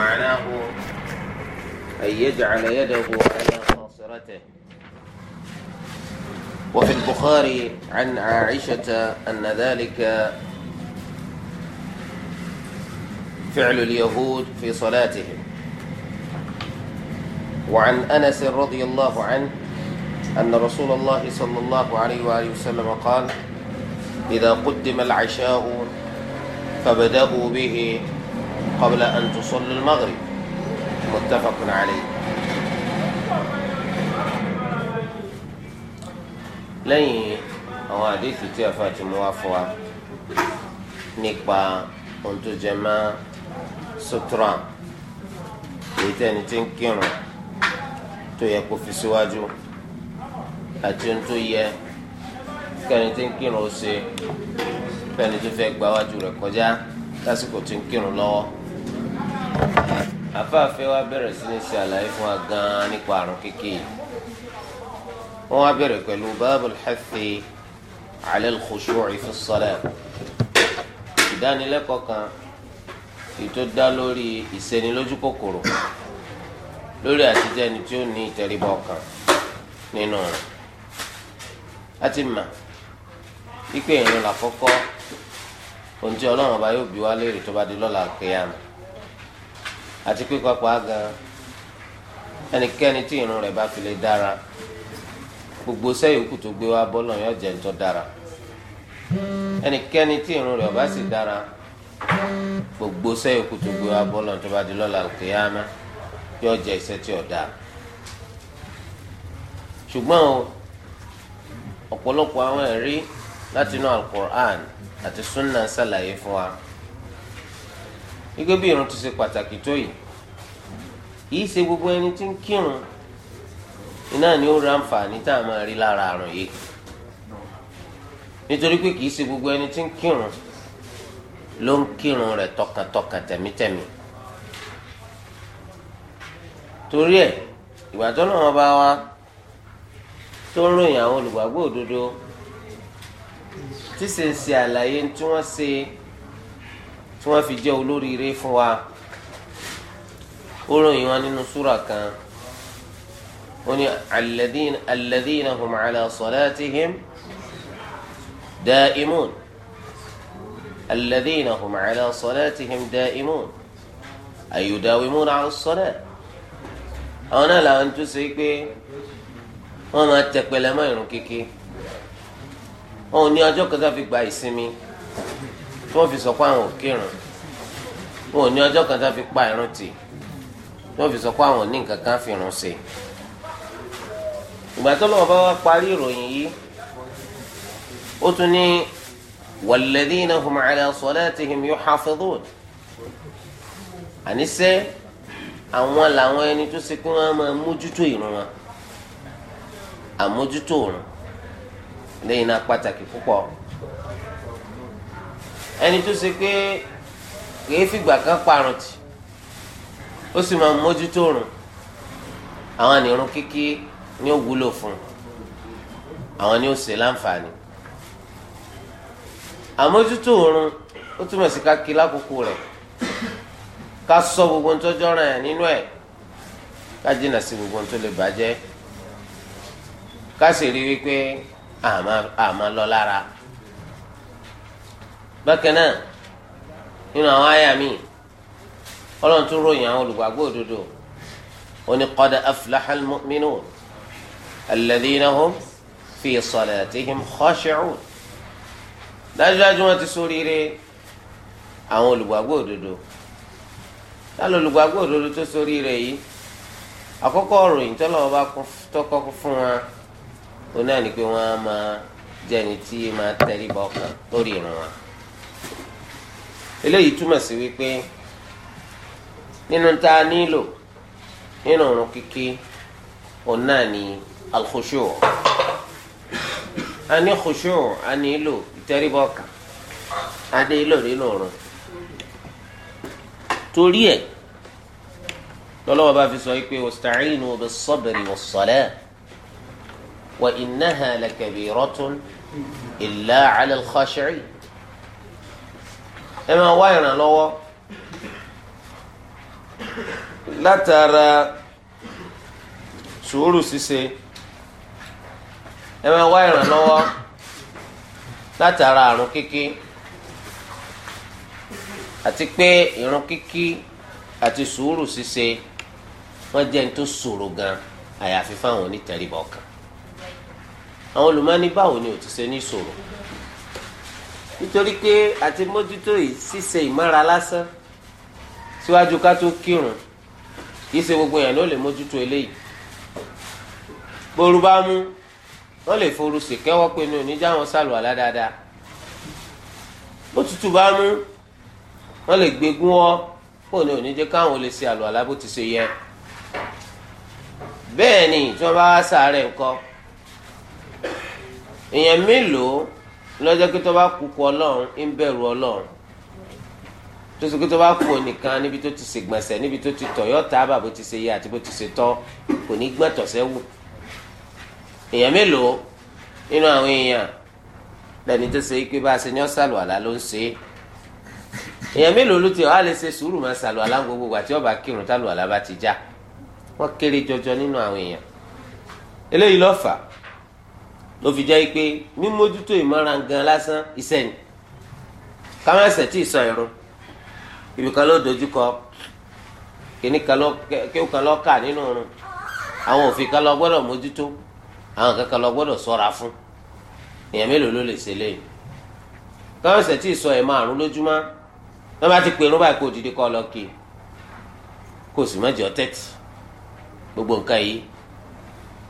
ومعناه أن يجعل يده على خاصرته وفي البخاري عن عائشة أن ذلك فعل اليهود في صلاتهم وعن أنس رضي الله عنه أن رسول الله صلى الله عليه وآله وسلم قال إذا قدم العشاء فبدأوا به قبل أن تصلي المغرب متفق عليه lẹ́yìn àwọn àdéhùn tí a fàtí mú wá fún wa nípa ohun tó jẹ mọ́ sutura èyí tí ẹni tí ń kírun tó yẹ kó fi síwájú àti ohun tó yẹ kẹ́ni tí ń kírun ó ṣe fẹ́ni tó fẹ́ gbáwájú rẹ̀ kọjá lásìkò tí ń kírun lọ́wọ́ afáàfẹ́ wa bẹ̀rẹ̀ sí ní ṣe àlàyé fún wa gan-an nípa àrùn kékeré wọ́n wá bẹ̀rẹ̀ pẹ̀lú báàbùl hathi ala al-khushu'i fi as-salat ìdánilẹ́kọ̀ọ́ kan ètò dá lórí ìṣenilójú kòkòrò lórí àtijọ́ ẹni tí ó ní ìtẹríba ọkàn nínú rẹ̀ a ti mà wípé ìrìn làkọ́kọ́ ohun tí ọlọ́run ọba yóò bí wá léèrè tó bá di lọ́la kéèyàn àti pípa pa gan ẹnikẹ́ni tí irun rẹ̀ bá fi lè dára gbogbo sẹ́yìn kù tó gbé wá bọ́lọ̀ yóò jẹ́ ńtọ́ dára ẹnikẹ́ni tí irun rẹ̀ ọba sì dára gbogbo sẹ́yìn kù tó gbé wá bọ́lọ̀ tó bá di lọ́la kìyàmá yóò jẹ́ iṣẹ́ tí ó dáa ṣùgbọ́n o ọ̀pọ̀lọpọ̀ àwọn ẹ̀rí látinú alukur'an àti sunna ṣàlàyé fún wa gbígbé bí irun ti ṣe pàtàkì tó yìí yìí ṣe gbogbo ẹni tí ń kírun iná ni ó ra àǹfààní tá a máa rí lára àrùn yìí nítorí pé kìí ṣe gbogbo ẹni tí ń kírun ló ń kírun rẹ̀ tọkàntọkàn tẹ̀mítẹ̀mí torí ẹ̀ ìgbà tó lọ́wọ́ bá wa tó ń ròyìn àwọn olùgbàgbọ́ òdodo tí sì àlàyé tí wọ́n ṣe. Se tí wọ́n fi jẹ́ olóríire fún wa ó ròyìn wọn nínú súrà kan ó ní alladhina hum ala salatihim da'imun alladhina hum ala salatihim da'imun ayudawimuna ala salat àwọn náà làwọn tó ṣe pé wọ́n máa tẹpẹlẹ mọ́ ìrun kékeré wọn ò ní ọjọ́ kan tó fi gba ìsinmi. tí wọ́n fi sọ àwọn ò wọn ò ní ọjọ́ kan tá fi pa irun tì tí wọ́n fi sọ àwọn ní nǹkan kan fi irun ìgbà tó lọ́wọ́ bá wá parí ìròyìn yìí ó tún ní walladhina hum ala salatihim yuhafidhun àníṣe àwọn làwọn ẹni tó ẹni tó ṣe pé kìí fìgbà kan parun tì ó sì máa mójútó rùn àwọn ànírun kíkí ni ó wúlò fún àwọn ni ó ṣe láǹfààní àmójútó òrun ó túmọ̀ sí ká kí lákòókò rẹ̀ ká sọ gbogbo tó jọra nínú ẹ̀ ká jìnnà sí gbogbo tó lè bàjẹ́ ká sì rí wípé àmà lọ lára. bákan náà nínú àwọn àyà mi ọlọ́run tún ròyìn àwọn olùgbàgbọ́ òdodo ó ní qad aflaha al-mu'minun alladhina hum fi salatihim khashi'un dájúdájú wọn ti ṣoríire àwọn olùgbàgbọ́ òdodo táwọn olùgbàgbọ́ òdodo tó ṣoríire yìí àkọ́kọ́ ròyìn tọ́lọ́wọ́ bá tọ́kọ́ fún wa ó náà pé wọ́n á máa jẹ́ni tí máa tẹríba ọkàn lórí ìrun wa eléyìí túmọ̀ sí wípé nínú tá a nílò nínú ọ̀run kíkí òun náà ni alkhushu a ní khushu a nílò ìtẹríbọ̀ kan a nílò nínú ọ̀run torí ẹ̀ lọ́lọ́wọ́ bá fi sọ wípé wasta'inu bis-sabri was-salah wa innaha lakabiratun illa 'ala al ẹ máa wá ìrànlọ́wọ́ látara sùúrù ṣíṣe ẹ máa wá ìrànlọ́wọ́ látara àrùn kíkí àti pé ìrùn kíkí àti sùúrù ṣíṣe wọ́n jẹ́ ní tó ṣòro gan àyàfi fáwọn onítẹ̀ríbọ̀ kan àwọn olùmọ́ni báwo ni ò ti ṣe ní ṣòro nítorí pé àti mójútó yìí ṣíṣe ìmọ́ra lásán síwájú ká tó kírun kìí ṣe gbogbo èèyàn ló lè mójútó eléyìí bóru bá mú wọn lè foru ṣèkẹwọ pé mi ò ní já wọn sálù àlá dáadáa bó tutù bá mú wọn lè gbégún ọ kó ní òní jẹ káwọn lè ṣe àlù àlá bó ti ṣe yẹ bẹ́ẹ̀ tí wọn bá wá sàárẹ̀ ńkọ́ èèyàn mélòó lọ́jọ́ pé tó bá kú kú ọlọ́run ń bẹ̀rù ọlọ́run tó sì pé tó bá kú onìkan níbi tó ti ṣègbọ̀nsẹ̀ níbi tó ti tọ̀ yọ̀ọ́ tábà bó ti ṣe yẹ àti bó ti ṣe tọ́ kò ní gbọ́n tọ̀sẹ̀ wù èèyàn mélòó nínú àwọn èèyàn lẹ́ni tó ṣe pé bá a ṣe ní ọ̀sàlù àlá ló ń ṣe èèyàn mélòó ló ti ọ̀ á ṣe sùúrù máa ṣàlù àlá gbogbo ìgbà tí kírun tálù àlá bá ti já wọ́n kéré jọjọ nínú àwọn èèyàn eléyìí ló ló fi jẹ́ pé mímójútó ìmọ̀ràn gan lásán iṣẹ́ ni káwọn ẹsẹ̀ tí ì sọ ìrun ibìkan ló dojúkọ kéwù kan lọ kà nínú ọrùn àwọn òfin kan lọ gbọ́dọ̀ mójútó àwọn kankan lọ gbọ́dọ̀ ṣọ́ra fún èèyàn mélòó ló lè ṣe lẹ́yìn káwọn ẹsẹ̀ tí ì sọ ẹ̀ márùn lójúmọ́ wọ́n bá ti pè irun báyìí kó dìde kọ́ lọ kí kó sì má jẹ́ ọ tẹ́tì gbogbo nǹkan yìí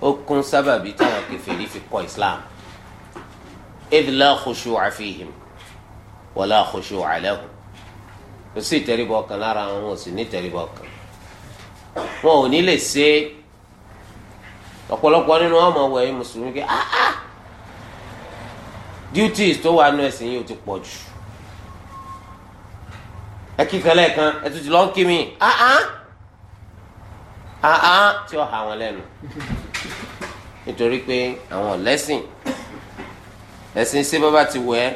ó kún sábàbí táwọn kèfèrí fi kọ̀ islam idh la khushu'a fihim wa la khushu'a lahum kò sí ìtẹríbọ kan lára wọn wọn ò sì ní ìtẹríbọ kan wọn ò ní lè ṣe ọ̀pọ̀lọpọ̀ nínú ọmọ wẹ̀yìn mùsùlùmí kí ah ah duties tó wà nù ẹ̀sìn yìí ó ti pọ̀ jù ẹ kíkan lẹ́ẹ̀kan ẹ tún ti lọ́ọ́ kí mi ah ah ah ah tí ó hà wọn lẹ́nu nítorí pé àwọn lẹ́sìn ẹ̀sìn ṣé bọ́ba ti wẹ̀ ẹ́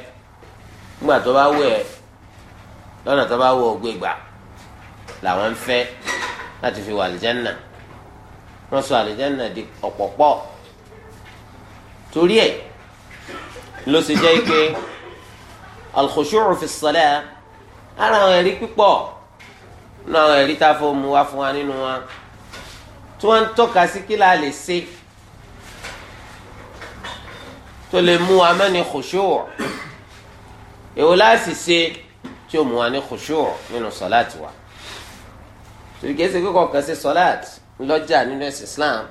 nígbà tó bá wẹ̀ ẹ́ lọ́nà tó bá wọ ògbé gbà làwọn ń fẹ́ láti fi wà àlìjánà wọ́n sọ àlìjánà di ọ̀pọ̀pọ̀ torí ẹ̀ ló ṣe jẹ́ pé al fi s-salah ara àwọn ẹ̀rí pípọ̀ nínú àwọn ẹ̀rí tá a fọ́ mu wá fún wa nínú wa tí wọ́n ń tọ́ka sí kí la lè ṣe tó lè mú wa mẹ́ni khushu' èwo láti ṣe tí ó mú wa ní khushu' nínú sọ́láàtì wa torí kẹ́sì kíkọ́ kan ṣe sọ́láàtì lọ́jà nínú ẹ̀sìn Islam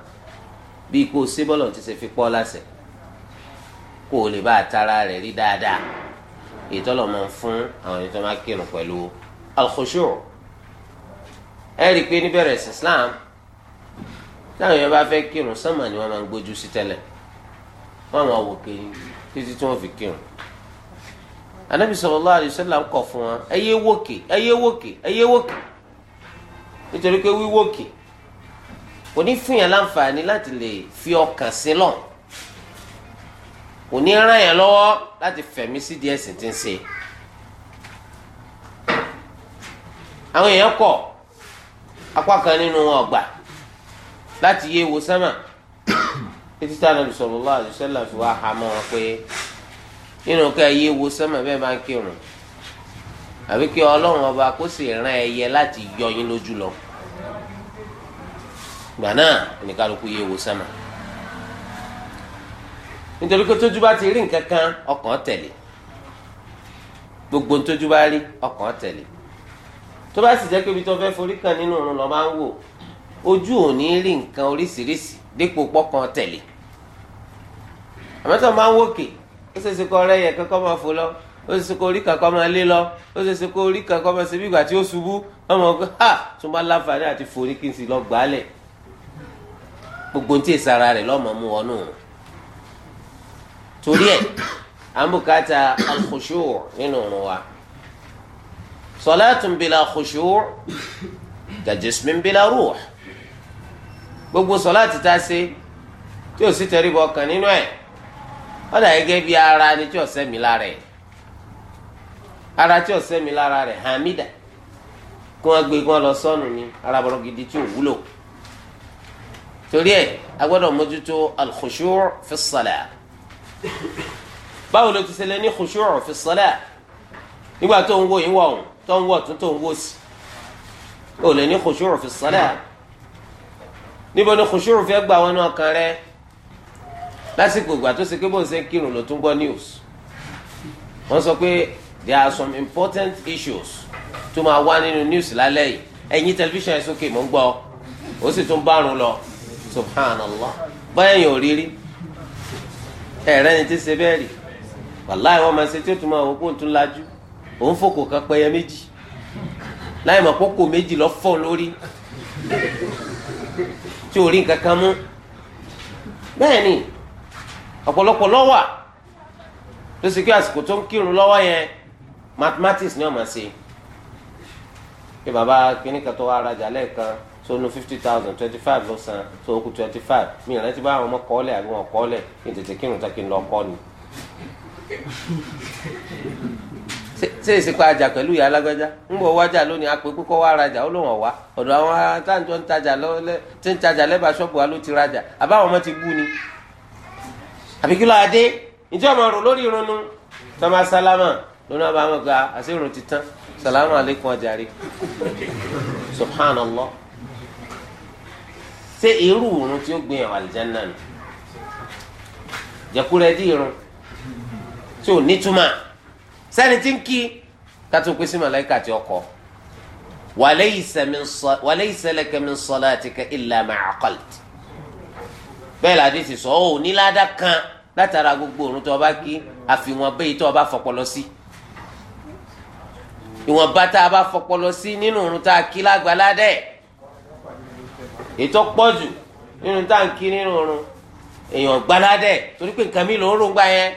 bí kò sí bọ́lọ̀ ti ṣe fi pọ́ láṣẹ kó o lè bá àtàrà rẹ̀ rí dáadáa ètò ọlọ́mọ fún àwọn ẹni tó máa kírun pẹ̀lú al ẹ rí i pé níbẹ̀rẹ̀ ẹ̀sìn Islam táwọn èèyàn bá fẹ́ kírun sánmà ni wọ́n máa ń gbójú sí tẹ́lẹ̀ wọn máa wò kéyìn títí tí wọn fi kírun anabi sallallahu alaihi wasallam ń kọ fún wọn ẹ yé wòkè ẹ yé wòkè ẹ yé wòkè nítorí pé wíwòkè kò ní fún yàn láǹfààní láti lè fi ọkàn sí lọ kò ní ràn yàn lọ́wọ́ láti fẹ̀mí sí díẹ̀ sí ti ń ṣe àwọn èèyàn kọ apá kan nínú wọn ọgbà láti yé wo sánmà títí tá Ànábì sallallahu alaihi wasallam fi wá hàmọ́ wọn pé nínú ká ẹyẹ wo sẹ́mọ̀ bẹ́ẹ̀ bá ń kírun àbí kí ọlọ́run ọba kó sì rán ẹyẹ láti yọ yín lójú lọ gbà náà oníkálukú yẹ wo sẹ́mọ̀ nítorí pé tójú bá ti rí nǹkan kan ọkàn tẹ̀lé gbogbo ntójú bá rí ọkàn tẹ̀lé tó bá sì jẹ́ pé ibi tó fẹ́ forí kan nínú òrùn lọ́ọ́ máa ń wò ojú ò ní rí nǹkan oríṣiríṣi dípò pọ́kàn tẹ̀lé àmọ́tọ́ máa ń wòkè ó ṣe é ṣe kọ́ ọ̀rẹ́ yẹ kọ́kọ́ máa fò lọ ó ṣe é ṣe kọ́ orí kankan máa lé lọ ó ṣe é ṣe kọ́ orí kankan máa ṣe bí ìgbà tí ó ṣubú ọmọ ọgbẹ́ ha tó bá láǹfààní àti forí kí n sì lọ gbàálẹ̀ gbogbo tí èsì ara rẹ̀ lọ́mọ mú wọnú torí ẹ̀ àmúkàtà al-khushu' nínú òrùn wa salatun bila khushu' ka jismin bila ruh gbogbo sọláàtì tá a ṣe tí ò sí tẹríbọ kan nínú ẹ̀ ó dà gẹ́gẹ́ bí ara ni tí ọ̀sẹ̀ mi lára ẹ̀ ara tí ọ̀sẹ̀ mi lára rẹ̀ hamida kí wọ́n gbé kí wọ́n lọ sọ́nù ni ara bọ̀rọ̀ gidi tí ò wúlò torí ẹ̀ a gbọ́dọ̀ mójútó al-khushu' fi s-salah báwo ló ti ṣẹlẹ̀ ní khushu' fi nígbà tó ń wo ìwọ̀ ọ̀hún tó ń wọ̀ tún tó ń wò sí ò lè ní khushu' fi níbo ni khushu' fi gbà wọn náà kan rẹ̀ lásìkò ìgbà tó ṣe pé bóun ṣe ń kírun ló tún gbọ́ news wọ́n sọ pé there are some important issues tó máa wá nínú news lálẹ́ yìí ẹ̀yin tẹlifíṣàn ẹ̀ sókè mò ń gbọ́ ó sì tún bárun lọ subhanallah báyẹn yóò rí rí ẹ̀rẹ́ ni ti ṣe bẹ́ẹ̀ rí wàláì wọn máa ṣe tí ó tún máa wọ kó tún lajú òun fòkò kan pẹyẹ méjì láì mọ̀ kókò méjì lọ fọ́ lórí tí ò rí nǹkan kan mú bẹ́ẹ̀ ni ọ̀pọ̀lọpọ̀ lọ́wà ló sì pé àsìkò tó ń kírun lọ́wọ́ yẹn mathematics ni wọ́n máa ṣe pé bàbá kínní tó wá rajà lẹ́ẹ̀kan tó nu fifty thousand twenty five ló san tó kù twenty five mi ìrántí bá àwọn ọmọ kọ́ọ́lẹ̀ àbí wọn kọ́ọ́lẹ̀ kí n tètè kírun tán kí n lọ kọ́ ni. ṣé ìsìnkú àjà pẹ̀lú ìyá alágbájá ń bọ̀ wájà lónìí àpè púpọ̀ wá rajà ó lóun ọ̀wá ọ̀dọ̀ àwọn táǹtọ́ ń tajà lẹ́bàá ṣọ́ọ̀bù wa ló ti rajà àbáwọn ọmọ ti bú ni àbí kí ló adé ǹjẹ́ ọmọ rò lórí ìrònú tọ́mọ sálámà lónà bá wọn gba ah, àṣírò títán sàlámù alaykum ajari subhanallah ṣé irú òórùn tí ó gbé yàn àlìjáná nù jẹkulẹ dí irun tí ò nítumọ̀ sẹni tí ń kí kátó pé sí màláìka tí ó kọ walaysa laka min salatika illa ma aqalt bẹ́ẹ̀ la dìísì sọ ọ́ ní ládàá kan látara gbogbo òrùn tó o bá kí àfihàn bẹ́ẹ̀ tó o bá fọpọlọ sí ìwọ̀nba tá a bá fọpọlọ sí nínú òrùn tá a kí lágbàlá dẹ̀ ètò pọ̀jù nínú tá a ń kí nínú òrùn èèyàn gbàlá dẹ̀ torí pé nǹkan mi ló ń rògbà yẹn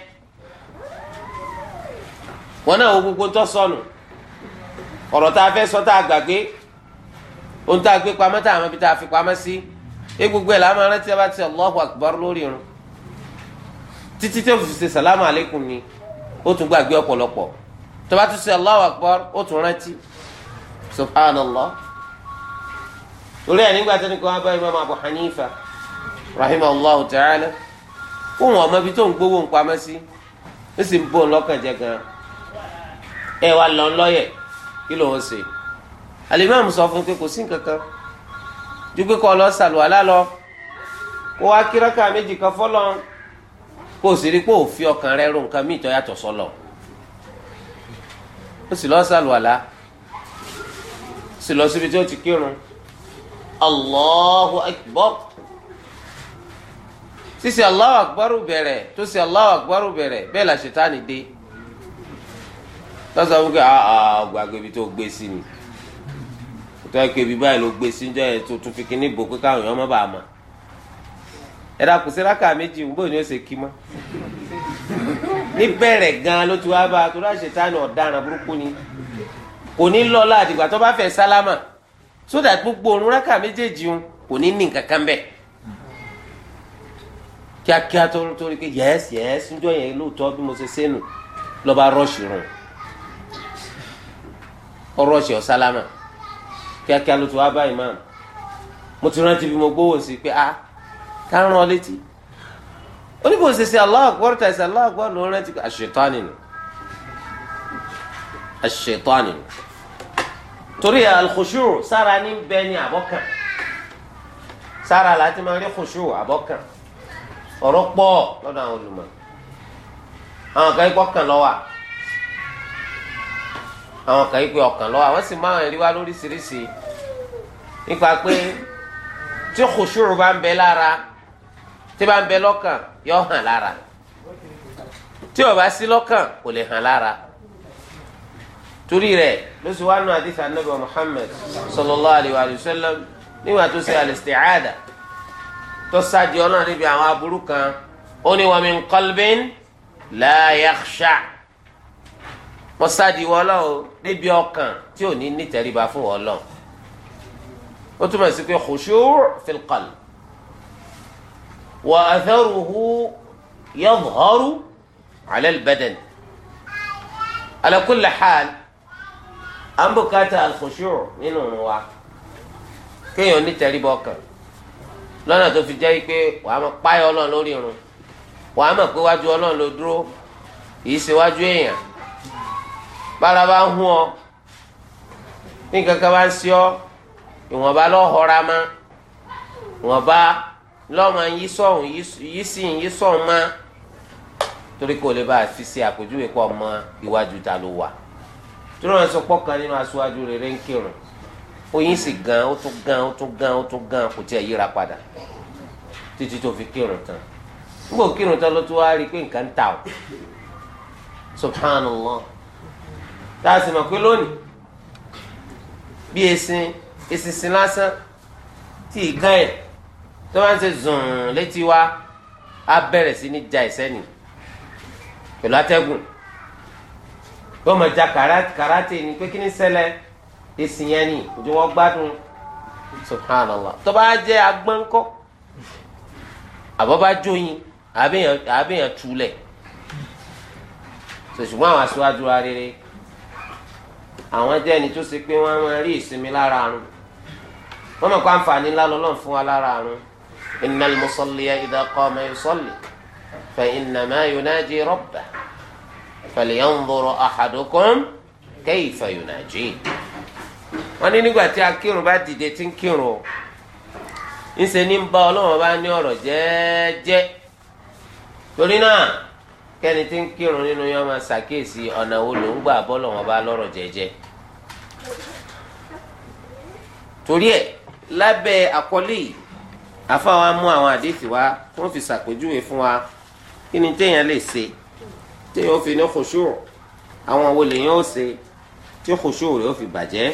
wọn náà wo gbogbo tó sọnù ọ̀rọ̀ tá a fẹ́ sọ tá a gbàgbé ohun tá a gbé pamọ́ tá a mọ̀ bí tá a fi pamọ́ sí. Si e gbogbo ẹ̀ la máa rántí abá ti Allahu Akbar lórí irun títí tí o fi salamu ni o tún gbàgbé ọ̀pọ̀lọpọ̀ tó bá tún ṣe Allahu Akbar o tún rántí subhanallah torí ẹ̀ nígbà tó ní kó wá bá imam Abu Hanifa rahimahullahu ta'ala kó wọn ọmọ ibi tó ń gbowó ń sí ó sì ń bó ń lọ́kàn jẹ gan ẹ lọ́yẹ̀ kí ló ń ṣe alimami sọ fún pé kò sí nǹkan ju pé kọ́ lọ sàlùwàlá lọ kó wá kíráka méjì kan fọlọ́ kó o sì rí pé ò fi ọkàn rẹ ro nǹkan míì tó yàtọ̀ sọlọ ó sì lọ sàlùwàlá ó sì lọ síbi tí ó ti kírun Allahu Akbar sísè Allahu Akbar bẹ̀rẹ̀ tó sì Allahu Akbar bẹ̀rẹ̀ bẹ́ẹ̀ la ṣètánì dé lọ́sàn-án wípé àà gbàgbé ibi tó gbé sí ni tó yẹ kó ibi báyìí ló gbé síjọ́ yẹn tó tún fi kíní bò pé káwọn èèyàn má a mọ̀ ẹ dàkú sí rákà méjì ń bò ní ọ̀sẹ̀ kí mọ́ níbẹ̀rẹ̀ gan ló ti wá bá a tó láṣẹ táwọn ọ̀daràn burúkú ni kò ní lọ́la àdìgbà tó bá fẹ́ sálámà sódà gbogbo òun rákà méjèèjì ń kò ní ní nǹkan kan bẹ́ẹ̀ kíákíá tó tó rí pé yẹ́s yẹ́s níjọ́ yẹn lóòótọ́ bí mo ṣe sẹ́nu lọ́ba rọ́ọ̀ṣì rùn ọ rọ́ọ̀ṣì ọ sálámà kíákíá ló ti wá bá imam mo ti rántí bí mo gbówó sí pé ah ká rán ọ létí oníbò ṣe ṣe Allahu Akbar tàìsí Allahu Akbar ló rántí pé àṣetánì nù àṣetánì nù torí al-khushu' sára ní bẹ́ẹ̀ ni sára láti máa rí khushu' àbọ̀kàn ọ̀rọ̀ pọ̀ lọ́dọ̀ àwọn olùmọ̀ àwọn kan ikọ̀ kan lọ́wọ́ à àwọn kan yìí pé ọkàn lọ àwọn sì máa ń rí wa lóríṣiríṣi nípa pé tí kòṣùrù bá ń bẹ lára tí bá ń bẹ lọ́kàn yóò hàn lára tí ó bá sí lọ́kàn kò lè hàn lára torí rẹ̀ ló sì wá nù àdìsí anábì Muhammad sallallahu alayhi wa nígbà tó ṣe al-isti'ada tó ṣáàjì ọlọ́run níbi àwọn aburú kan ó ní wa min qalbin la yakhsha mo sáàdì wọ Ọlọ́run níbi ọkàn tí ò ní nítẹríba fún wọ Ọlọ́run ó túmọ̀ sí pé khushu' fil qalb wa atharuhu yadhharu ala al-badan ala kulli hal à ń bùkátà al-khushu' nínú wa kéèyàn nítẹríba ọkàn lọ́nà tó fi jẹ́ pé wàá máa páyọ̀ Ọlọ́run lórí irun wàá máa pé wájú Ọlọ́run ló dúró kì ṣe wájú èèyàn bára bá ń hún ọ ní kankan bá ń sí ọ ìwọ̀nba lọ́họ́ra má ìwọ̀nba lọ́mọ yí sọ̀hún yí sí yí sọ̀hún má torí kò lè bá a fi ṣe àpèjúwe pọ̀ mọ́ iwájú ta ló wà tó náà sọ pọ̀ kan nínú aṣáájú rere ń kírun oyin sì gan ó tún gan ó tún gan ó tún gan kò tiẹ̀ yíra padà títí tó fi kírun tán nígbà kírun tán ló tún wá rí i pé nǹkan ń ta o subhanallah tá a sì mọ̀ pé lónìí bí esin esinsin lásán tí ìgán ẹ̀ tó máa ń ṣe zùn létí wa á bẹ̀rẹ̀ sí ní ja ìsẹ́ni pẹ̀lú atẹ́gùn yóò máa ja karate ni pé kí ni ṣẹlẹ̀ esin yẹn ni ojú wọn gbádùn subhanallah tó bá jẹ́ agbọ́nkọ́ àbọ̀bá jóyin àbẹ̀yàn túlẹ̀ ṣùgbọ́n àwọn aṣáájú wa rere àwọn jẹ́ ẹni tó ṣe pé wọ́n máa rí ìsinmi lára àrùn wọ́n mọ̀ pé àǹfààní ńlá lọ́lọ́run fún wa lára àrùn innal musalliya idha qama yusalli fa innama yunaji rabbah falyanzuru ahadukum kayfa yunaji. wọ́n ní nígbà tí akírun bá dìde tí ń kírun o ńṣe ní ń bá ọlọ́run bá ní ọ̀rọ̀ jẹ́ẹ́jẹ́ torí náà kẹ́ni tí ń kírun nínú yọ máa ṣàkíyèsí ọ̀nà wo ló ń gbà bọ́lọ̀ wọn bá lọ́rọ̀ jẹ́jẹ́ torí ẹ̀ lábẹ́ àkọlé yìí àfáwa mú àwọn àdéhìí wá wọ́n fi ṣàpèjúwe fún wa kí ni téèyàn lè ṣe téèyàn ó fi ní kòṣù àwọn wo lèèyàn ó ṣe tí kòṣù rẹ̀ ó fi bàjẹ́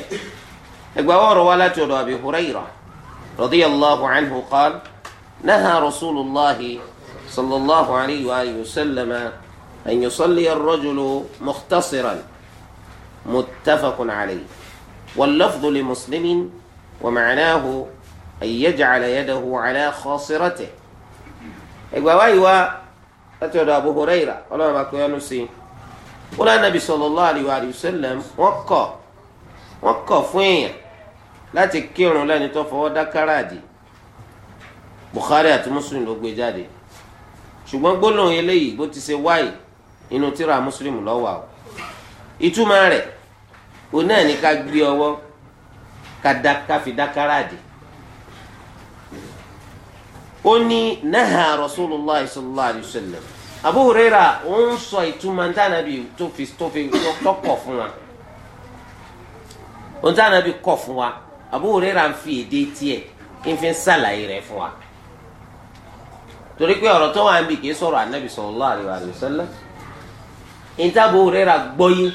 ẹgbàá wọ̀rọ̀ wá láti ọ̀dọ̀ Abi Hurayra radiyallahu anhu qala naha rasulullahi. صلى الله عليه واله وسلم ان يصلي الرجل مختصرا متفق عليه واللفظ لمسلم ومعناه ان يجعل يده على خاصرته ايوا ايوا اتود ابو هريره ولا ما نسي قال النبي صلى الله عليه واله وسلم وقف وقف وين لا تكيرون لا نتوفوا دكرادي بخاري ومسلم لو جادي ṣùgbọ́n gbólóhùn eléyìí bó ti ṣe wáyé inú tíra mùsùlùmù lọ́wọ́ àwọn ìtumọ̀ rẹ̀ òun náà ní ká gbé ọwọ́ ká fi dákàrà dé ó ní náà rasulillah sallallahu alayhi wa sallam Abu Huraira ó ń sọ ìtumọ̀ ntànàbí tó fi tó fi fún wa ntànàbí kọ̀ fún wa Abu ń fi èdè tiẹ̀ ń fi ń sàlàyé rẹ̀ fún wa torí pé ọ̀rọ̀ tó wà ń bì kì í sọ̀rọ̀ ànábì sallallahu alaihi wasallam ìtàbù rẹ́ra gbọ́yé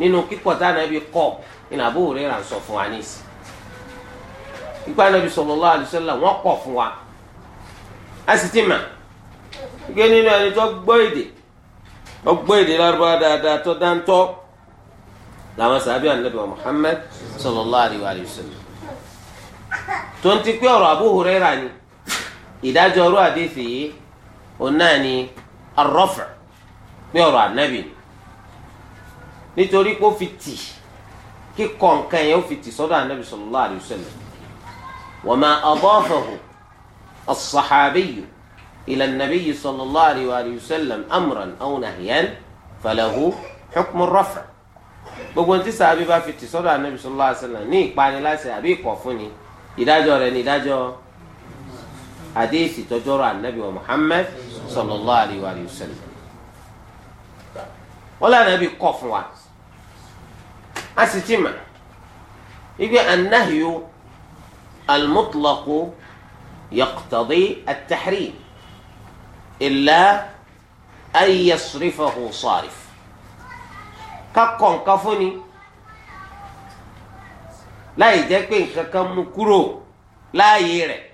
nínú kíkọ̀ tá ànábì kọ̀ nínú àbù rẹ́ra ń sọ fún wa níìsì ipa ànábì sallallahu alaihi wasallam wọ́n kọ̀ fún wa a sì ti mà ike nínú ẹni tó gbọ́ èdè ó gbọ́ èdè lárúbá dáadáa tó dáńtọ́ làwọn sàbí ànábì Muhammad sallallahu alaihi wasallam tó ń ti pé ọ̀rọ̀ àbù rẹ́ra ni ìdájọ́ ọrú àdìsí yìí òun náà ni arọ́fà pé ọ̀rọ̀ ànábì ni nítorí pé ó fi tì kíkọ nǹkan yẹn ó fi tì sọ́dọ̀ ànábì sallallahu alayhi wa sallam wa ma adafahu as-sahabiyyu ila an-nabiyyi sallallahu alayhi wa sallam amran aw nahyan falahu hukmu ar-raf' gbogbo ní tísà bí bá fi tì sọ́dọ̀ ànábì sallallahu alayhi wa sallam ní ìpaniláṣẹ àbí ìkọ̀fúnni ìdájọ́ rẹ̀ ní ìdájọ́ حديث تجرى النبي محمد صلى الله عليه وآله وسلم ولا نبي قف واس أستمع يقول النهي المطلق يقتضي التحريم إلا أن يصرفه صارف كقون كفني لا يجيكين كم كرو لا يرك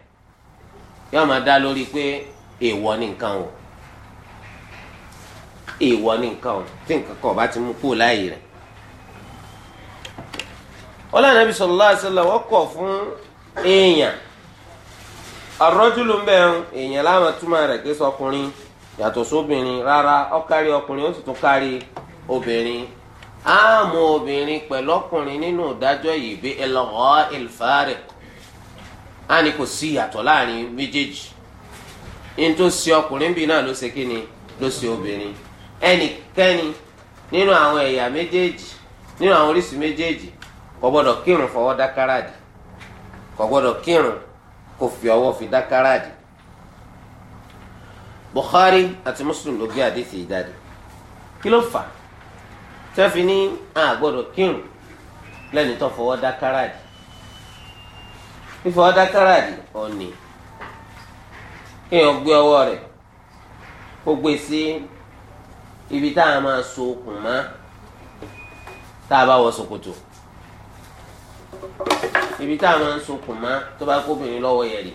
yóò máa dá lórí pé èèwọ̀ ni nǹkan o èèwọ̀ ni nǹkan o tí nǹkan kan ọba ti mú kúrò láàyè rẹ̀ ọlọ́run nàbí sallallahu alaihi wasallam wọ́n kọ̀ fún èèyàn àrọ́júlù ń bẹ̀ ń èèyàn láwọn túmọ̀ rẹ̀ kí sọkùnrin yàtọ̀ sóbìnrin rárá ó kárí ọkùnrin ó sì tún kárí obìnrin àmọ́ obìnrin pẹ̀lú ọkùnrin nínú ìdájọ́ yìí bí ẹlọ́gọ́ ìlfàrẹ̀kọ́. a ní kò sí ìyàtọ̀ láàrin méjèèjì ní tó ṣe ọkùnrin bíi náà ló ṣe kí ni ló ṣe obìnrin ẹnikẹ́ni nínú àwọn ẹ̀yà méjèèjì nínú àwọn oríṣi méjèèjì kò gbọdọ̀ kírun fọwọ́ dákàràdì kò kò fi ọwọ́ fi dákàràdì Muslim ló gbé ìjáde kí ló fà ní àgbọ̀dọ̀ kírun lẹ́ni fífọ dákàrà dì ọ̀nì kéèyàn gbé ọwọ́ rẹ̀ kó gbé sí ibi tá a máa so okùn mọ́ tá a bá wọ ṣòkòtò ibi tá a máa ń sunkùn mọ́ tó bá kóbìnrin lọ́wọ́ yẹn rè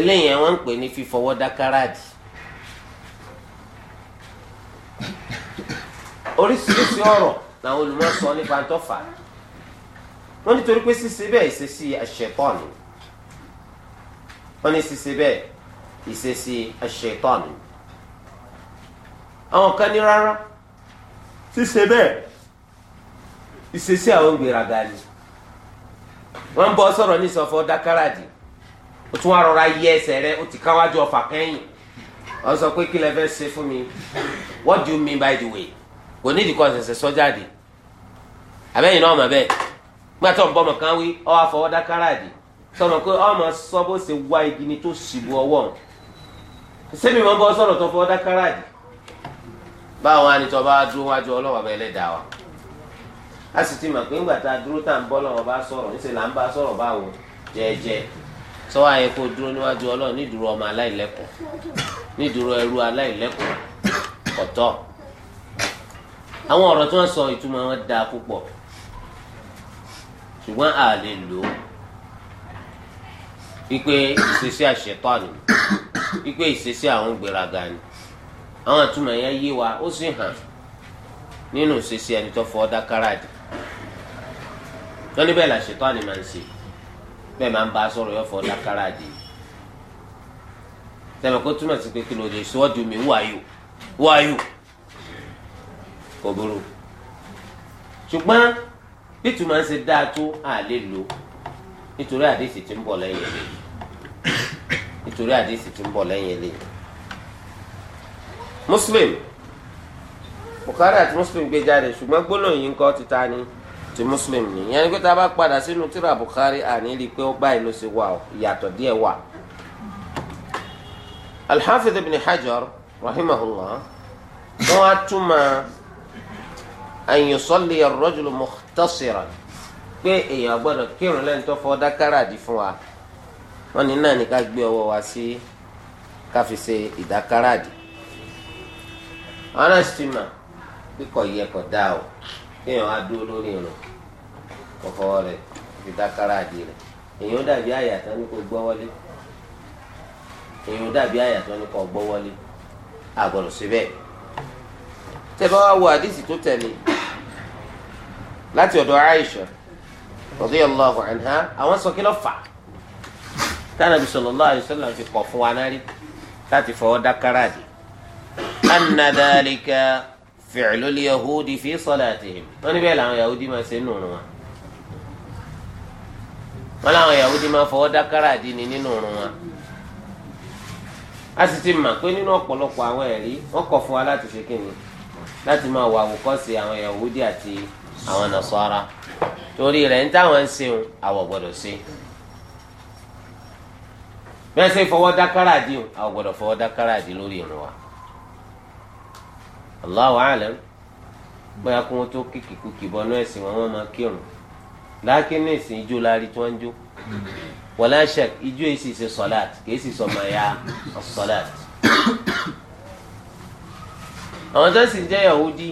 eléyìí wọ́n ń pè ní fífọwọ́ dákàrà dì oríṣiríṣi ọ̀rọ̀ làwọn olùmọ̀ sọ nípa tọ́fà wọ́n nítorí pé ṣíṣe bẹ́ẹ̀ ìṣesí àṣetọ́nù wọ́n ní ṣíṣe bẹ́ẹ̀ ìṣesí àṣetọ́nù àwọn kan ní rárá ṣíṣe bẹ́ẹ̀ ìṣesí àwọn gbéraga ni wọ́n ń bọ́ sọ̀rọ̀ ní sọ̀fọ̀ dákàràdì o tún wá rọra yẹ ẹsẹ̀ rẹ o ti káwájú ọfà kẹ́yìn wọ́n sọ pé kí lẹ fẹ́ ṣe fún mi what do you mean by the way kò nídìí kọ́ ṣẹ̀ṣẹ̀ sọ́jáde àbẹ́yìn náà mọ̀ bẹ́ẹ̀. gbàtọ̀ ń bọ́ ọmọ kan wí ọ àfọwọ́dá káràdì ọmọ sọ bó ṣe wá igi ni tó sì lu ọwọ́ ọ̀hún sẹ́mi máa bọ́ sọ̀rọ̀ tó fọwọ́dá káràdì báwọn anìtọ́ bá dúró wájú ọlọ́wọ́ bẹ́ẹ̀ lẹ́dàá wa a sì ti mọ̀ pé ńgbà tá a dúró tá à ń bọ́ lọ́wọ́ bá sọ̀rọ̀ ńṣe là ń bá sọ̀rọ̀ báwo jẹ́ẹ́jẹ́ sọ wáyé kó dúró níwájú ṣùgbọ́n a lè lò ó wípé ìṣesí àṣetọ́ ni wípé ìṣesí àwọn gbéraga ni àwọn àtúmọ̀ yẹn yé wa ó sì hàn nínú ìṣesí ẹni tó fọ́ dákàràdì wọ́n ní bẹ́ẹ̀ làṣetọ́ ni máa ń ṣe bẹ́ẹ̀ máa ń bá a sọ̀rọ̀ yóò fọ́ dákàràdì tẹ̀mọ̀ kó túmọ̀ sí pé kí ló dé síwájú mi wáyò wáyò kò burú ṣùgbọ́n bí tuma ń ṣe dáa tó a lè lò nítorí àdéhìsì tí ń bọ̀ lẹ́yìn eléyìí nítorí àdéhìsì tí ń bọ̀ lẹ́yìn eléyìí. muslim bukhari àti muslim gbé jáde ṣùgbọ́n gbólóhùn yìí ń kọ́ ti ta ni ti muslim ni ìyẹn ni pé tá a bá padà sínú tíra bukhari àní rí i pé ó báyìí ló ṣe wà ìyàtọ̀ díẹ̀ wà. alhafiz ibn hajar rahimahullah wọn á túmọ̀ àyùnsọ́lé rọ́jùlù mọ̀tọ́sìrà pé èèyàn gbọ́dọ̀ kírun lẹ́nu tó fọ́ dákàrà dì fún wa wọ́n ní náà ní ká gbé ọwọ́ wa sí ká fi ṣe ìdákàrà dì ọ̀nà stima kíkọ̀ yẹ kọ̀ dá o kéèyàn á dúró lórí irun kọ̀ fọwọ́ rẹ̀ fi dákàrà dì rẹ̀ èèyàn dàbí àyàtọ̀ ní kò gbọ́ wọlé èèyàn dàbí àyàtọ̀ ní kò gbọ́ wọlé àgbọ̀dọ̀ síbẹ̀ tẹ́ bá wo àdìsí tó tẹ̀lé. láti ọ̀dọ̀ Aisha radiyallahu anha àwọn sọ kí ló fà tánàbí sallallahu alaihi wasallam fi kọ̀ fún wa náà láti fọwọ́ dákàrà dé anna dhalika yahudi fi salatihim wọ́n níbẹ̀ làwọn yahudi máa ṣe wọn làwọn yahudi máa fọwọ́ dákàrà ni nínú wọn a sì ti mà pé nínú ọ̀pọ̀lọpọ̀ àwọn ẹ̀rí wọ́n kọ̀ fún wa láti ṣe kíni láti máa yahudi àti àwọn nasara torí rẹ ń táwọn ń sìn àwọ̀ gbọ́dọ̀ sí bẹ́ẹ̀ sẹ́ fọwọ́ dákàrà dì o àwọ̀ gbọ́dọ̀ fọwọ́ dákàrà dì lórí ìrìn wa Allahu alam bóyá kí wọ́n tó kìkì kùkì bọ́nú ẹ̀sìn wọn wọ́n máa kírun lákínní ìsìn ijó la rí tí wọ́n ń jó wala shak ijó ṣe kìí sì ya sọ́láàt àwọn tó sì jẹ́ Yahudi.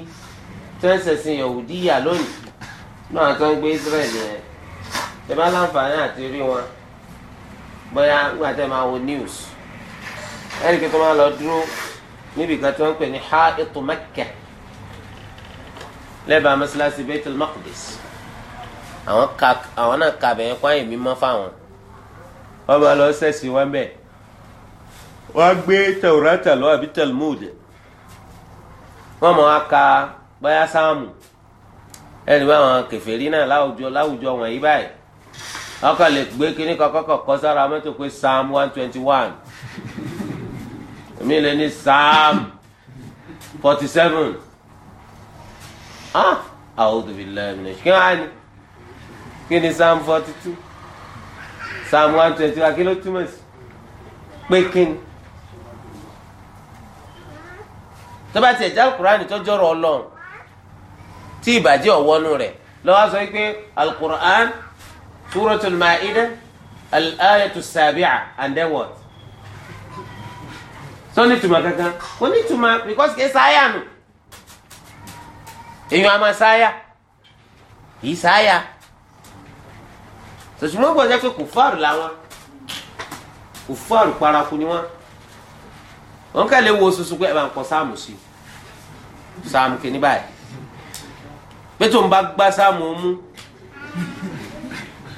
tí wọ́n ṣẹ̀sìn Yahudiya lónìí náà tó ń gbé Israel yẹn tẹ bá láǹfààní àti rí wọn bóyá nígbà tẹ máa wo news ẹnì kí tó máa lọ dúró níbi kan tí wọ́n pè ní ha'itu Makkah lẹ́bàá mọ́sálásí Baitul Maqdis àwọn ka àwọn náà ka bẹ̀yẹn kó àyè mímọ́ fáwọn wọ́n máa lọ ṣẹ̀sìn wọn bẹ́ẹ̀ wọ́n gbé Taurata lọ àbí Talmud wọ́n máa ka bóyá sáàmù ẹni bá àwọn kèfèrí náà láwùjọ láwùjọ wọn yí báyìí ọkọ lè gbé kínní kọkọkọ kọ sára mọ́tò pé sáàmù one twenty one èmi lè ní sáàmù forty seven ah a'udhu billahi minash kí wọ́n á ní kí ni sáàmù forty two sáàmù one twenty one kí ló túmọ̀ sí pé kí ni. tó bá tiẹ̀ já Kùránì tó jọ̀rọ̀ Ọlọ́run tí ìbàjẹ́ ọ̀wọ́nú rẹ̀ lọ́wọ́ sọ pé alukur'an suratul ma'ida al sabi'a and then what. sọ ní tuma kankan kò ní tuma because kì í sáyà nù èèyàn a máa sáyà kì í sáyà sọ̀tùmọ́ gbọ́dọ̀ jẹ́ pé kùfáàrù làwọn kùfáàrù paraku ni wọ́n wọ́n kà wo soso pé ẹ̀ máa ń kọ sáàmù sí i sáàmù kìíní báyìí. pé tó ń bá gbá sáàmù mú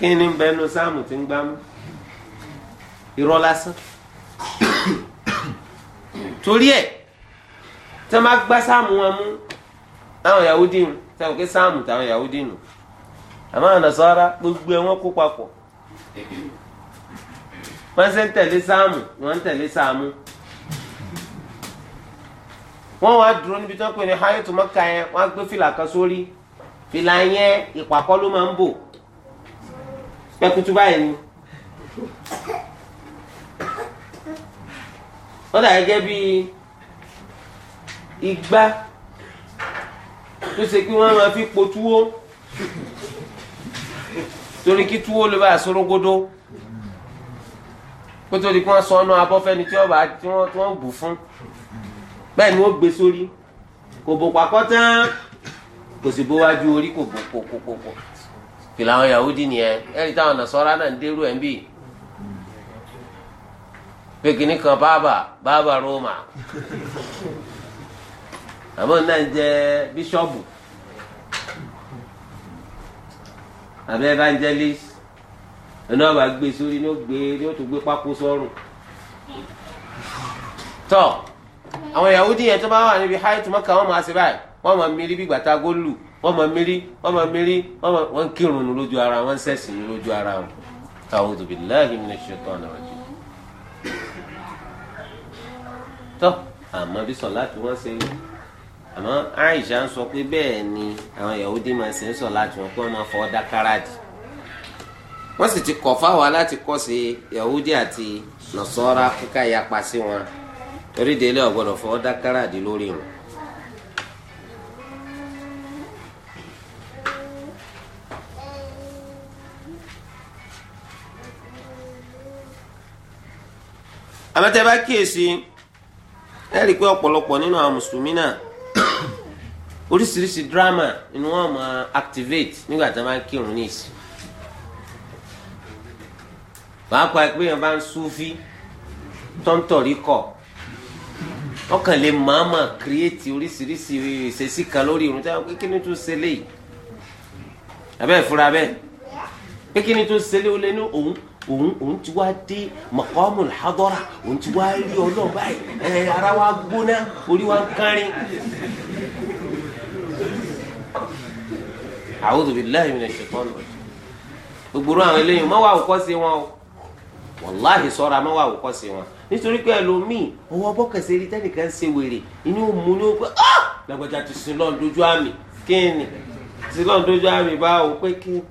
ni bẹnu sáàmù ti ń gbá mú irọ́ lásán torí ẹ̀ tí wọ́n gbá sáàmù wọn mú àwọn Yahudi nù tí kí sáàmù táwọn Yahudi àmọ́ àwọn Nasara gbogbo ẹ̀ wọ́n kó papọ̀ wọ́n ṣe ń tẹ̀lé sáàmù wọ́n ń tẹ̀lé sáàmù wọ́n wá dúró níbi tí wọ́n pè ní fìlà yẹn ìpàkọ́ ló máa ń bò pẹkutu báyìí ni ó dà gẹ́gẹ́ bí igbá tó ṣe kí wọ́n máa fi po túwó torí kí túwó ló bá sorogodo kótó di kí wọ́n sọ ọ́nà abọ́fẹ́ni tí wọ́n bá tí wọ́n bù fún bẹ́ẹ̀ ni wọ́n gbé sórí kò bò pàkọ́ tán. kò sì orí kò bò kókókókó Yahudi nìyẹn ẹ̀rí táwọn Nasara náà ń dérú ẹ̀ ń bì baba kan bábà bábà Roma àmọ́ náà ń jẹ́ bíṣọ́ọ̀bù àbí evangelist ẹni wọn bá gbé sórí ní ó Yahudi yẹn tó bá wà níbi háìtì mọ́kà wọn máa wọ́n máa mérí bí gbàtà góòlù wọ́n máa mérí wọ́n máa mérí wọ́n ń kírun nu lójú ara wọ́n ń sẹ̀sìn nu lójú ara wọn. A'udhu billahi minash shaitani rajim. tọ́ àmọ́ bí sọ̀ láti wọ́n ṣe àmọ́ Aisha ń sọ pé bẹ́ẹ̀ ni àwọn Yahudi máa ṣe ń sọ láti wọn pé wọ́n máa fọ́ dákàràdì wọ́n sì ti kọ̀ fáwa láti kọ́ sí Yahudi àti Nasara kíkà yapa sí wọn torí délé ọ̀gbọ́dọ̀ fọ́ dákàràdì lórí wọn. àmọ́tẹ́ bá kíyèsí ẹ rí i pé ọ̀pọ̀lọpọ̀ nínú àwọn mùsùlùmí náà oríṣiríṣi drama ni wọ́n máa activate nígbà tí wọ́n bá ń kírun ní ìsìn pàápàá pé wọ́n bá ń súfí tọ́ntọ̀rí kọ̀ wọ́n kàn lè màmá kírètì oríṣiríṣi ìṣesí kan lórí irun tí wọ́n pé kí ni tún ṣe léyìí abẹ́ ìfura bẹ́ẹ̀ pé kí ni tún ṣe léyìí ó lé ní òun òun òun ti wá dé maqamul hadara òun ti wá rí ọlọ́run báyìí ẹ ara wa gbóná orí wa ń kárin. a'udhu billahi minash shaitani gbogbo àwọn eléyìí má wà òkọ́ sí wọn o wàláhì sọ́ra má wà òkọ́ sí wọn nítorí pé ẹlòmíì ọwọ́ bọ́kẹ̀sẹ̀ rí tẹ́nìkan ṣe wèrè inú òmu ni ó pé ah làgbàjà ti sin lọ́ọ̀ dojú àmì kí ni sin lọ́ọ̀ dojú àmì báwo pé kí ni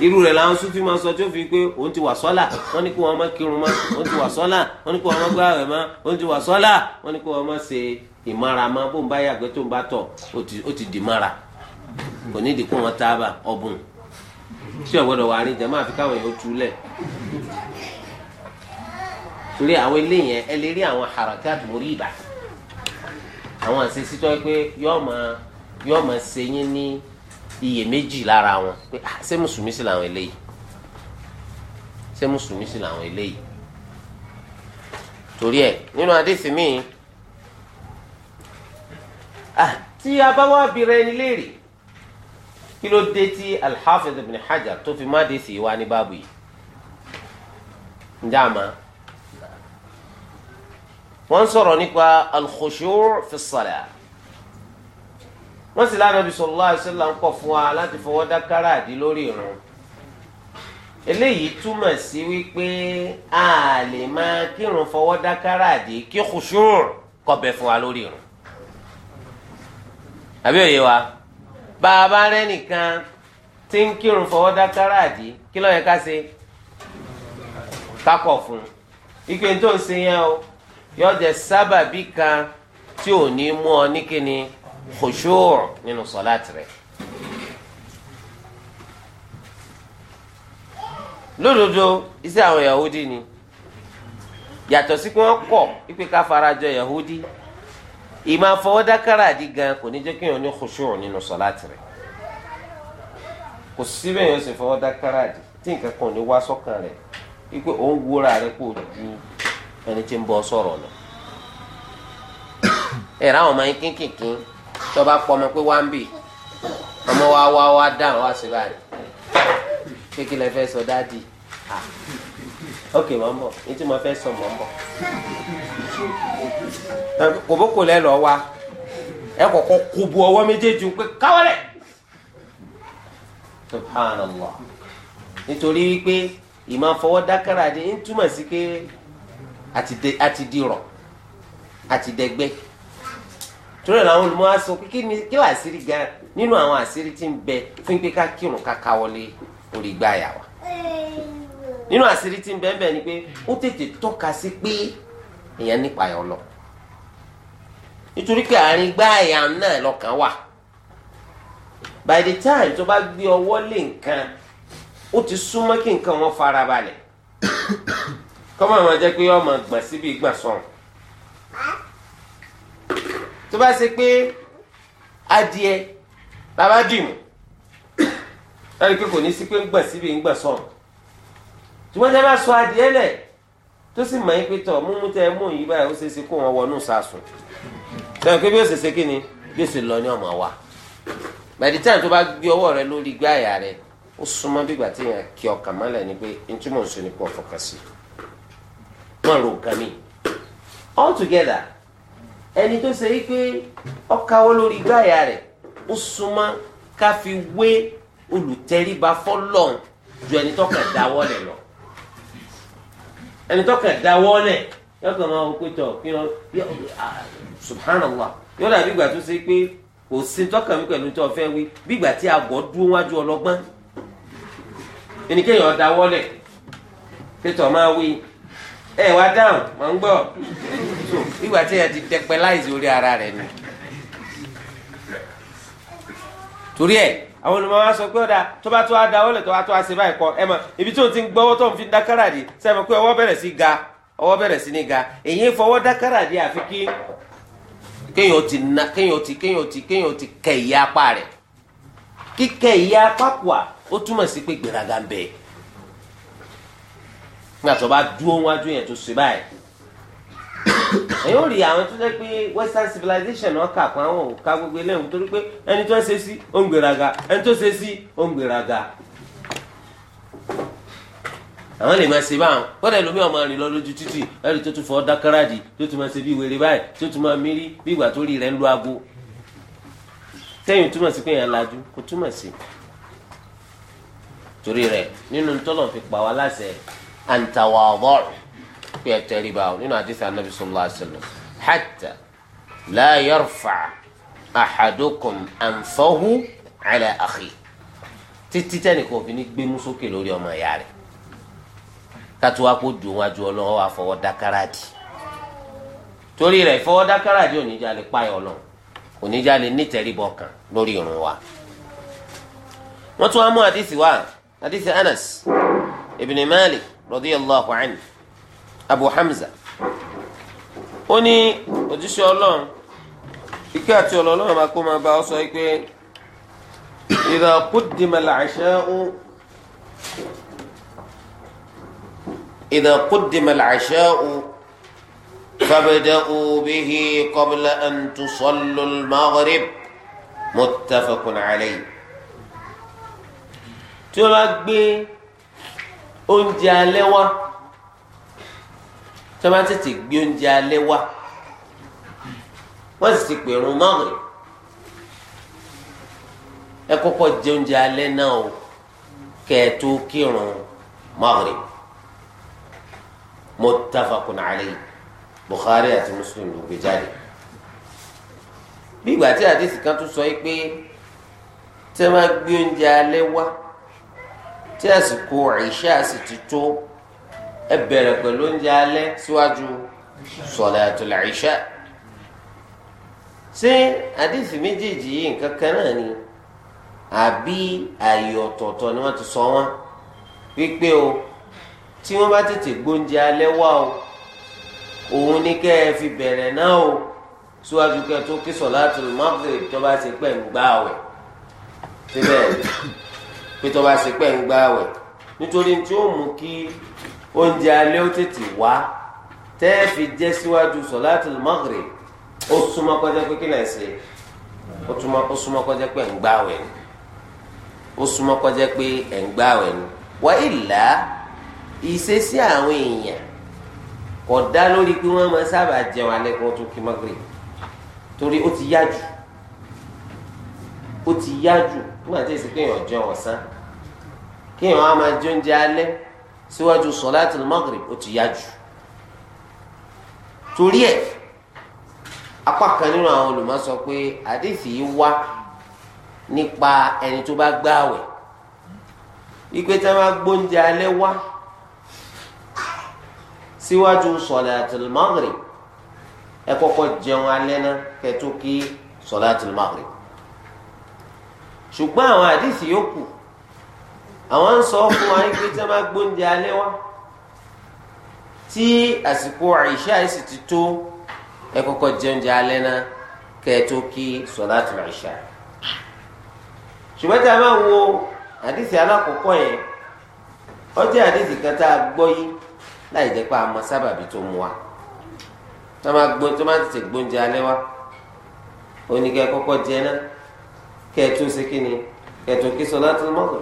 irú rẹ̀ làwọn sufi máa sọ tí ó fi pé òun ti wà sọ́là wọ́n ní kó wọn má kírun má òun ti wà sọ́là wọ́n ní kó wọn má gbààwẹ̀ má òun ti wà sọ́là wọ́n ní kó wọn má ṣe ìmára má bóun bá yàgbẹ́ tó ń bá tọ̀ ó ti dì mára kò ní ìdí kó wọn tábà ọ̀bùn tí ọ̀gbọ́dọ̀ wà rìn jẹ́mọ́ àfi káwọn èèyàn tú lẹ̀ torí àwọn eléyẹn ẹ lè rí àwọn harakat muriba àwọn àṣesítọ́ pé yọ́ọ̀ iyèméjì lára wọn pé ah, ṣé mùsùlùmí sì làwọn eléyìí ṣé mùsùlùmí sì làwọn eléyìí torí ẹ nínú àdéhìí mi ah, tí a bá wá bìrẹ ẹni léèrè kí ló dé tí alḥafiz ibn hajar tó fi má dé sí ní báàbù yìí ǹjẹ́ àmọ́ wọ́n nípa alkhushu' fi salah wọ́n sì lánàá bisọ̀ lọ́wọ́ àṣẹlá ń pọ̀ fún wa láti fọwọ́ dá káràdì lórí ìrun eléyìí túmọ̀ sí wípé a lè máa kírun fọwọ́ dá káràdì kí kùsùn kọbẹ̀ fún wa lórí ìrun àbí òye wa bàbá rẹ nìkan tí ń kírun fọwọ́ dá káràdì kí ló yẹ ká ṣe kákọ̀ fún ike tó ń ṣe yẹn o yọjẹ sábàbí kan tí ò ní mú ọ ní kíni. khushu' nínú sọláàtì rẹ̀. lódodo iṣẹ́ àwọn yahudi ni yàtọ̀ sí pé wọ́n kọ̀ wípé ká farajọ yahudi ìmọ̀ àfọwọ́dákàrà àdí gan kò ní jẹ́ kí èèyàn ní khushu' nínú sọláàtì rẹ̀ kò sí bẹ́ẹ̀ yẹn ó sì fọwọ́dákàrà àdí tí nǹkan kan ní wá sọ́kàn rẹ̀ wípé òun wúra rẹ̀ kò ju ẹni tí ń bọ́ sọ̀rọ̀ lọ. ẹ̀rọ àwọn tó bá pọ̀ ọmọ pé wá ń bì ọmọ wa wá wá dáhùn wá sí báyìí kékeré lè fẹ́ sọ dáàdì ok mọ̀ ń bọ̀ ètò mo fẹ́ sọ mọ̀ ń bọ̀ kòbókò lẹ́ lọ wa ẹ kọ̀kọ́ kubu ọwọ́ méjèèjì pé káwọ́lẹ̀ subhanallah nítorí wípé ìmọ̀ fọwọ́ dákàrà dé ń túmọ̀ sí pé àti di rọ̀ àti dẹgbẹ́ torí ẹ̀ làwọn olùmọ̀ á sọ pé ni kí àṣírí gan nínú àwọn àṣírí tí ń bẹ fún pé ká kírun ká káwọlé orí gbáyà wa nínú àṣírí tí ń bẹ bẹ́ẹ̀ ni pé ó tètè tọ́ka sí pé èèyàn nípa ẹ̀ ọlọ nítorí pé àárín gbáyà náà lọ́kàn wà by the time tó bá gbé ọwọ́ lé nǹkan ó ti súnmọ́ kí nǹkan wọn farabalẹ̀ kọ́mọ̀ àwọn jẹ́ pé ọmọ gbọ̀n síbi ìgbà sọ̀rọ̀ tó bá ṣe pé adìẹ bàbá dìmú láti pé kò ní sí pé ń gbọ̀n síbi ń gbọ̀n sọ̀rọ̀ tùmọ̀ tẹ́ bá sọ adìẹ lẹ̀ tó sì mọ̀ yín pé tọ̀ múmú tẹ́ mú yín báyìí ó ṣe é ṣe kó wọn wọnú sàásùn sọ̀rọ̀ pé bí ó ṣe ṣe kí ni bí ó ṣe lọ ní ọmọ wa bàdí táyà tó bá gbé ọwọ́ rẹ lórí gbé àyà rẹ ó súnmọ́ bígbà tí yẹn kí ọkàn mọ́lẹ̀ ni pé ntúmọ̀ nsọ ni pọ̀ fọkàn sí. wọ́n ro nǹkan all together ẹni tó ṣe wípé ọkàwọ́ lórí gbáyà rẹ̀ ó súnmọ́ ká fi wé olùtẹríba fọlọ́n ju ẹni tó kàn dáwọ́ lẹ̀ lọ ẹni tó kàn dáwọ́ lẹ̀ yọkàn máa wọ tọ kí wọn subhanallah yóò dàbí ìgbà tó ṣe pé kò sí tọkàn mi pẹ̀lú tó o fẹ́ wí bí ìgbà tí agọ̀ dúró wájú ọlọ́gbọ́n ẹnikẹ́yìn ọ̀dáwọ́ lẹ̀ pé tọ máa wí. ẹ wá dáhùn mọ̀ ń gbọ́ so ìgbà tí ẹ ti tẹpẹ láìsí orí ara rẹ ni torí ẹ àwọn wa sọ pé da tó bá tó da tó a tó a báyìí kọ ẹ ibi tó ti ń gbọ́wọ́ tó ń fi dákàrà di sẹ́mi pé ọwọ́ bẹ̀rẹ̀ sí ga ọwọ bẹ̀rẹ̀ sí ní ga èyí fọwọ́ dákàrà di àfi kí kéèyàn ti na kéèyàn ti kéèyàn ti kéèyàn ti kẹ ìyá apá kíkẹ ìyá apá pọ̀ ó túmọ̀ sí pé gbéraga ń bẹ̀ẹ́ nígbà tó bá dúró wájú yẹn tó ṣe báyìí èyí ò rí àwọn tó jẹ́ pé western civilization náà kà pa àwọn òkà gbogbo eléyìí torí pé ẹni tó ń ṣe sí ó ń gbéraga ẹni tó ṣe sí ó ń gbéraga àwọn lè máa ṣe báwọn kọ́dà ìlú mi ọmọ rìn lọ lójú títì ẹ̀rí tó tún fọ́ dákàràdì tó tún máa ṣe bí wèrè báyìí tó tún máa mírí bí ìgbà tó rí rẹ̀ ń lu aago tẹ́yìn túmọ̀ sí pé yẹn lajú kò túmọ̀ sí torí rẹ̀ nínú tọ́lọ̀ fi pa wá láṣẹ àǹtàwàdọ́rù pé ẹ tẹríba o nínú àdìsí anabi sallallahu alaihi wasallam hatta la yarfa ahadukum anfahu ala akhi títí tẹnìkan òfin ní gbémú sókè lórí ọmọ ìyá rẹ̀ kátó wá kó dùn wájú ọlọ́wọ́ wá fọwọ́ dákàràdì torí rẹ̀ fọwọ́ dákàràdì oníjà lè payọ̀ lọ oníjà nítẹ̀ríbọ̀ kan lórí irun wa. wọ́n tún wá mú àdìsí wa àdìsí Anas ibn Malik رضي الله عنه ابو حمزه اوني اوجيش اولون ايكاتي اولون اكوما باوسو ايكي اذا قدم العشاء اذا قدم العشاء فبداوا به قبل ان تصلوا المغرب متفق عليه تلاقي oúnjẹ alẹ́ wá tí wọ́n bá tètè gbé oúnjẹ alẹ́ wá wọ́n sì ti pèrún mọ́rin ẹ kọ́kọ́ jẹ oúnjẹ alẹ́ náà o kẹ́ kírun mọ́rin muttafaqun alayhi Bukhari àti Muslim ló gbé jáde bí ìgbà tí àdìsí kan tún sọ yìí pé tí wọ́n bá gbé oúnjẹ alẹ́ wá tí àsìkò ìṣá sì ti tó ẹ bẹ̀rẹ̀ pẹ̀lú oúnjẹ alẹ́ síwájú sọ̀látul ìṣá. ṣé àdìsí méjèèjì yìí nǹkan kan náà ni àbí àyè ọ̀tọ̀ọ̀tọ̀ ni wọ́n ti sọ wọ́n wípé o tí wọ́n bá tètè gbóúnjẹ alẹ́ wá o òun ní kẹ́ ẹ fi bẹ̀rẹ̀ náà o síwájú kẹ́ ẹ tó kí sọ̀látul maghrib tó bá ti pẹ̀ ń gbà wẹ̀ síbẹ̀ pé tó bá ṣe pẹ́ ń gbá wẹ̀ nítorí tí ó mú kí oúnjẹ alẹ́ ó tètè wá tẹ́ fi jẹ́ síwájú sọ̀láàtìl maghrib ó súnmọ́ kọjá pé kí lẹ́ẹ̀ ṣe ó súnmọ́ kọjá pé ẹ̀ ń gbá wẹ̀ ni ó súnmọ́ kọjá pé ẹ̀ ń gbá wẹ̀ ni wà ìlà ìṣesí àwọn èèyàn kò dá lórí pé wọ́n máa sábà jẹun alẹ́ kó tó kí maghrib torí ó ti yá jù ó ti yá jù nígbà tí èsì pé èèyàn jẹun ọ̀sán kí ìwọn àmà jẹ oúnjẹ alẹ́ síwájú sọláàtì maghrib ó ti yá jù torí ẹ̀ apá kan nínú àwọn olùmọ̀ sọ pé àdéhìí yìí wá nípa ẹni tó bá gbààwẹ̀ ìpè tí wọn bá gbóúnjẹ alẹ́ wá síwájú sọláàtì maghrib ẹ kọ́kọ́ jẹun alẹ́ náà kẹ́ kí sọláàtì maghrib ṣùgbọ́n àwọn àdéhìí yòókù àwọn ń sọ fún wa pé tí wọ́n bá gbóúnjẹ alẹ́ wá tí àsìkò àìṣá yìí sì ti tó ẹ kọ́kọ́ jẹ oúnjẹ alẹ́ náà kẹ́ ẹ tó kí sọ̀láàtù àìṣá ṣùgbọ́n tí a máa wo àdìsí alákọ̀ọ́kọ́ yẹn ó jẹ́ àdìsí kan tá a gbọ́ yìí láì jẹ́ pé a mọ sábàbí tó mú wa tó máa gbó tó máa tètè gbóúnjẹ alẹ́ wá oníkẹ́ kọ́kọ́ jẹ náà kẹ́ ẹ kí ni kẹ́ ẹ tó kí sọ̀láàtù mọ́tò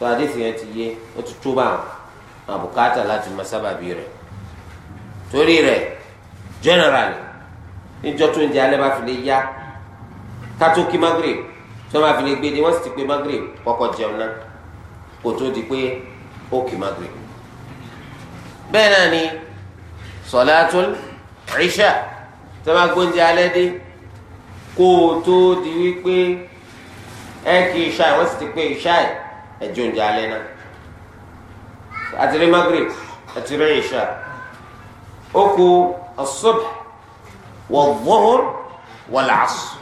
so àdéhùn yẹn ti yé ó ti tó báwọn àbùkátà láti mọ sábàbí rẹ̀ torí rẹ̀ generally níjọ́ tó ń jẹ alẹ́ bá fi lè yá kátó kí magrib tó máa fi lè gbé ni wọ́n sì ti pé magrib kọ́kọ́ jẹun náà kò tó di pé ó kí magrib bẹ́ẹ̀ náà ni sọ̀láàtún ìṣà tó máa gbóúnjẹ alẹ́ dé kó tó di wípé ẹ kí ìṣà wọ́n sì ti pé ìṣà ẹjọ oúnjẹ alẹ́ náà àti rí Maghrib àti rí Isha ó kù as-subh wal-dhuhr wal-'asr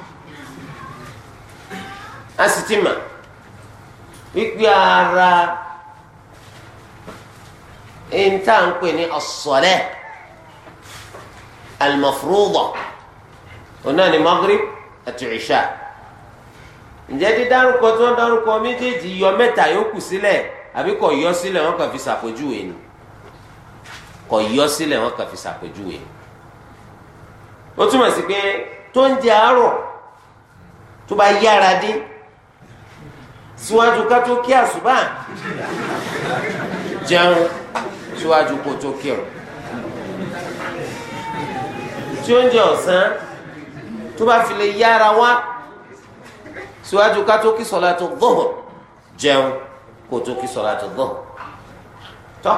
a ara ń tà ń pè ní as-salah Isha ǹjẹ́ dídárúkọ tí wọ́n dárúkọ méjèèjì yọ mẹ́ta yòókù sílẹ̀ àbí kò yọ sílẹ̀ wọ́n kàn fi ṣàpèjúwe ni kò yọ sílẹ̀ wọ́n kàn fi ṣàpèjúwe ni. ó túmọ̀ sí pé tó ń jẹ àárọ̀ tó bá yára dé síwájú ká tó kí àsùbà jẹun síwájú kó tó kírun tí oúnjẹ ọ̀sán tó bá fi lè yára wá síwájú ká tó kí sọ̀látù dhuhr jẹun kó tó kí sọ̀látù dhuhr tọ́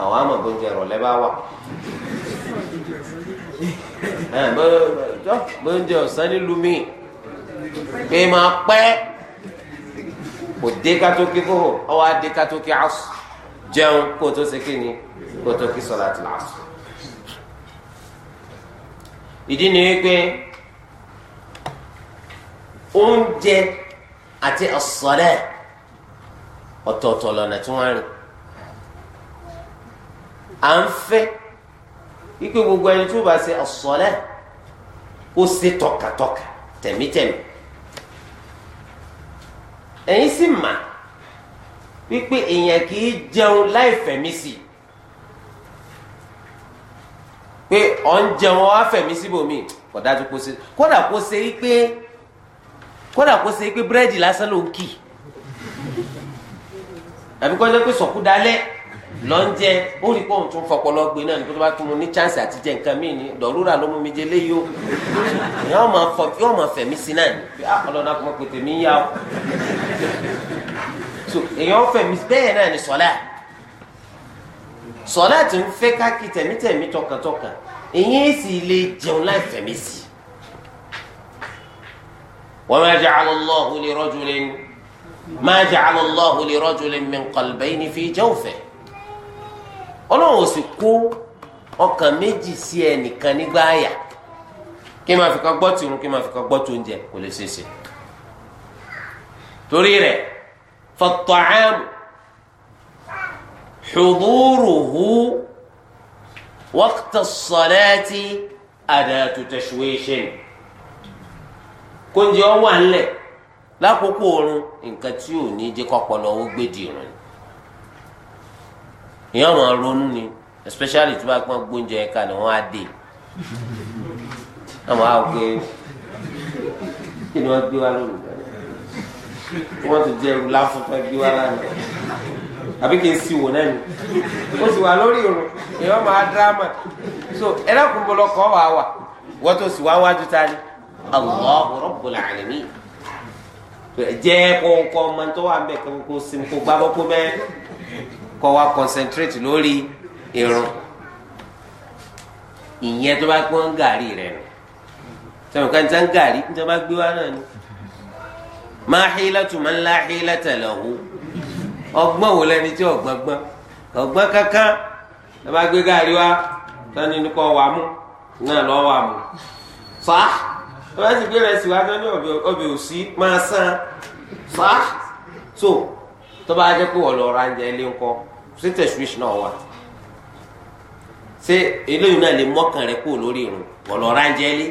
àwọn àmọ̀ gbọ́njẹ ìrọ̀lẹ́ bá wà gbọ́njẹ ọ̀sán nílùú mi pé máa pẹ́ kò dé ká tó kí dhuhr ó wá dé ká tó kí asr jẹun kó tó ṣe kí ni kó tó kí sọ̀látù asr ìdí ni wípé oúnjẹ àti ọ̀sọ̀lẹ̀ ọ̀tọ̀ọ̀tọ̀ lọ́nà tí wọ́n rìn à ń fẹ́ ikú gbogbo ẹni tó bá ṣe ọ̀sọ̀lẹ̀ ó ṣe tọkàtọkà tẹ̀mítẹ̀mí ẹ̀yin sì mà wípé èèyàn kì í jẹun láì fẹ̀mí sí i pé ọ̀ ń jẹun ọ̀ á fẹ̀mí síbòmí kò dájú kó ṣe kódà kó ṣe wípé kódà kó ṣe pé búrẹ́dì lásán ló ń kì àbí kọ́jọ́ pé sọ̀kú dalẹ̀ lọ ń jẹ ó rí pọ́ùn tún fọpọlọ gbé náà nípa tó bá tún mu ní chance àti jẹ nǹkan míì ní dọ̀rúrà ló mú mi jẹ léyìí o yóò máa fọ yóò máa fẹ̀mí sí náà ní ah, ọlọ́dún akọ́mọ pété mi yá o so èèyàn fẹ̀mí bẹ́ẹ̀ náà ní sọ́lá sọ́lá ti ń fẹ́ káàkiri tẹ̀mítẹ̀mí tọkàntọkàn èyí sì lè jẹun láì fẹ̀mí sí i. وما جعل الله لرجل ما جعل الله لرجل من قلبين في جوفه ọlọ́run ò sì kó ọkàn méjì sí ẹnìkan nígbà àyà kí n máa fi kan gbọ́ tí irun kí n máa fi kan gbọ́ tó oúnjẹ kò lè ṣeéṣe torí rẹ̀ fọtọ̀ọ́m xuduruhu waqta salati adatu tashwishin. kóúnjẹ ọ wà ńlẹ̀ lákòókò oorun nǹkan tí ò ní jẹ́ kọ́pọlọ ó gbèdì ìrìn ìyá ọmọ ronú ni especially tí wọ́n á pọ́n gbóúnjẹ ẹ̀ka ni wọ́n á dé àmọ́ á gbé kí ni wọ́n gbé wá lónìí kí wọ́n tún jẹ́ ẹrù láfọ́fẹ́ gbé wá lánàá àbí kí n sì wò náà ni ó sì wà lórí irun ìyá ọmọ á dírámà so ẹ̀rọ kúnbọ̀lọkọ̀ wà wà wọ́n tó sì wá wájú ta Allahu Rabbul Alamin jẹ́ kọ́ńkọ́ máa ń tọ́ wà ń bẹ̀ kó sinmi kó gbábọ́ kó bẹ́ẹ̀ kọ́ wa concentrate lórí irun ìyẹn tó bá gbọ́n gàrí rẹ̀ nù sọ̀rọ̀ kan tán gàrí tó bá gbé wa náà ni ma hilatu man la hilata lahu ọgbọ́n wò lẹni tí ọgbọ́n gbọ́n ọgbọ́n kankan tó bá gbé gàrí wa tán ni kò wà mú náà lọ́ wà mú fa. So, tó bá ti gbé rẹsì wá gán ní ọbẹ̀ òsì máa san fa so tó bá jẹ́ pé ọ̀lọ́ ra oúnjẹ ilé ńkọ́ ṣé tẹ̀síwìsì náà wà ṣé eléyìí náà lè mọ́kàn rẹ kúrò lórí irun ọ̀lọ́ ra oúnjẹ ilé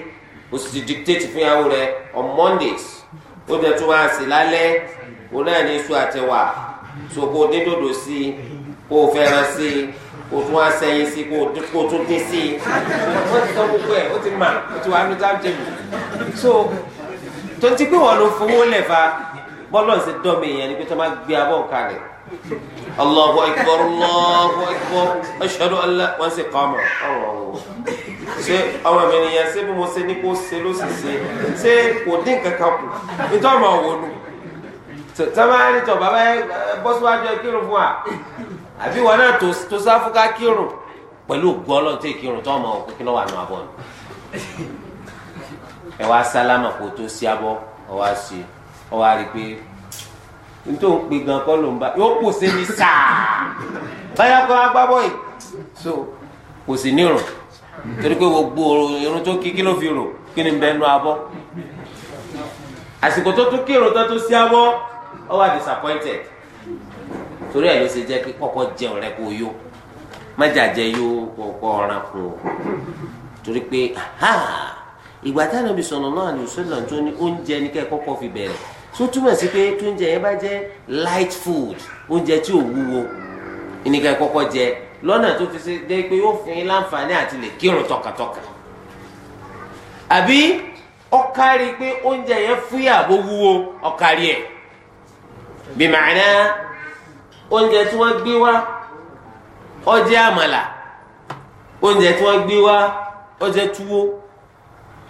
o sì ti dictate fún ìyàwó rẹ on Mondays ó jẹ tó wá sí lálẹ́ òun náà ní iṣu àtẹwà so kó o dín dòdò sí i kó o fẹ́ràn sí i kò tún wá sẹ́yìn sí kò tún dín sí i wọ́n ti tán gbogbo ẹ̀ ó ti mà ó ti wà ní tábìlì so tó ti pé wọn ló fowó lẹ̀ fa bọ́lọ̀ ṣe dọ́mi èèyàn ni pé tó máa gbé abọ́ kalẹ̀ Allahu akbar Allahu akbar ashhadu an la wọ́n sì kọ́ ọmọ ọ̀rọ̀ ọ̀rọ̀ ṣé ọmọ mi nìyẹn ṣé bí mo ṣe ní kó ṣe ló sì ṣe ṣé kò dín kankan kù nítorí ọmọ òwò nù tọ́mọ́ àrítọ̀ bàbá bọ́síwájú ẹ kírun fún wa àbí wọn náà tó sáfù ká kírun pẹ̀lú ògùn ọlọ́run tó kírun tó ọmọ òkú kí lọ́wọ́ àná abọ́ ni ẹ wá sálámà kó tó sí abọ́ ọ wá sí ọ wá rí i pé nítorí òun pe gan kọ́ ló ń bá so kò sí nírun torí pé gbogbo irun tó kí kí ló fi rò kí ni bẹ́ẹ̀ abọ́ àsìkò tó tún kírun tó ọ wá disappointed. torí ẹ̀ ló ṣe jẹ́ pé kọkọ jẹ rẹ kó yó má jàjẹ yó kọ́kọ́ ọ̀ràn ó torí pé ìgbà táwọn ibi sọ̀nà náà ní ìṣẹ̀lẹ̀ tó ní oúnjẹ ní fi bẹ̀rẹ̀ tó túmọ̀ sí pé tó yẹn bá light food oúnjẹ tí ò wúwo ní jẹ lọ́nà tó fi ṣe pé yóò fún yín láǹfààní àti lè kírun tọkàtọkà àbí ọkàrí pé oúnjẹ yẹn fúyà bó wúwo ọkàrí oúnjẹ tí wọ́n gbé wá ó jẹ́ àmàlà oúnjẹ tí wọ́n gbé wá ó jẹ́ túwó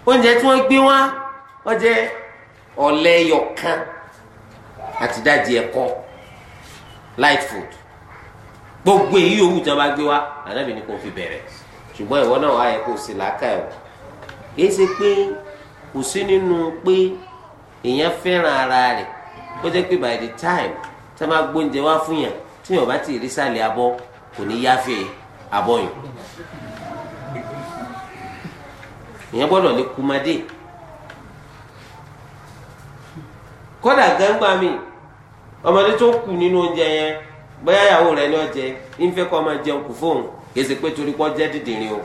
oúnjẹ tí wọ́n gbé wá ó jẹ́ àti dájí ẹ̀kọ́ light food gbogbo èyí yòówù tí wọ́n bá gbé wá ànábì ni kò fi bẹ̀rẹ̀ ṣùgbọ́n ìwọ náà wáyé kó o sì làákà ẹ̀ kìí ṣe pé kò sí nínú pé èèyàn fẹ́ràn ara rẹ̀ ó jẹ́ pé by the time tí a máa gbóúnjẹ wá fún yàn tí yàn bá ti rí sàlẹ̀ abọ́ kò ní yáfẹ́ abọ́ yìí èèyàn gbọ́dọ̀ lè kumadé kódà gángbà mi ọmọdé tó kù nínú oúnjẹ yẹn bóyá ìyàwó rẹ ni ó jẹ ìfẹ́ kọ́ máa jẹun kù fóun kì í ṣe pé torí pọ́ jẹ́ dídìrín o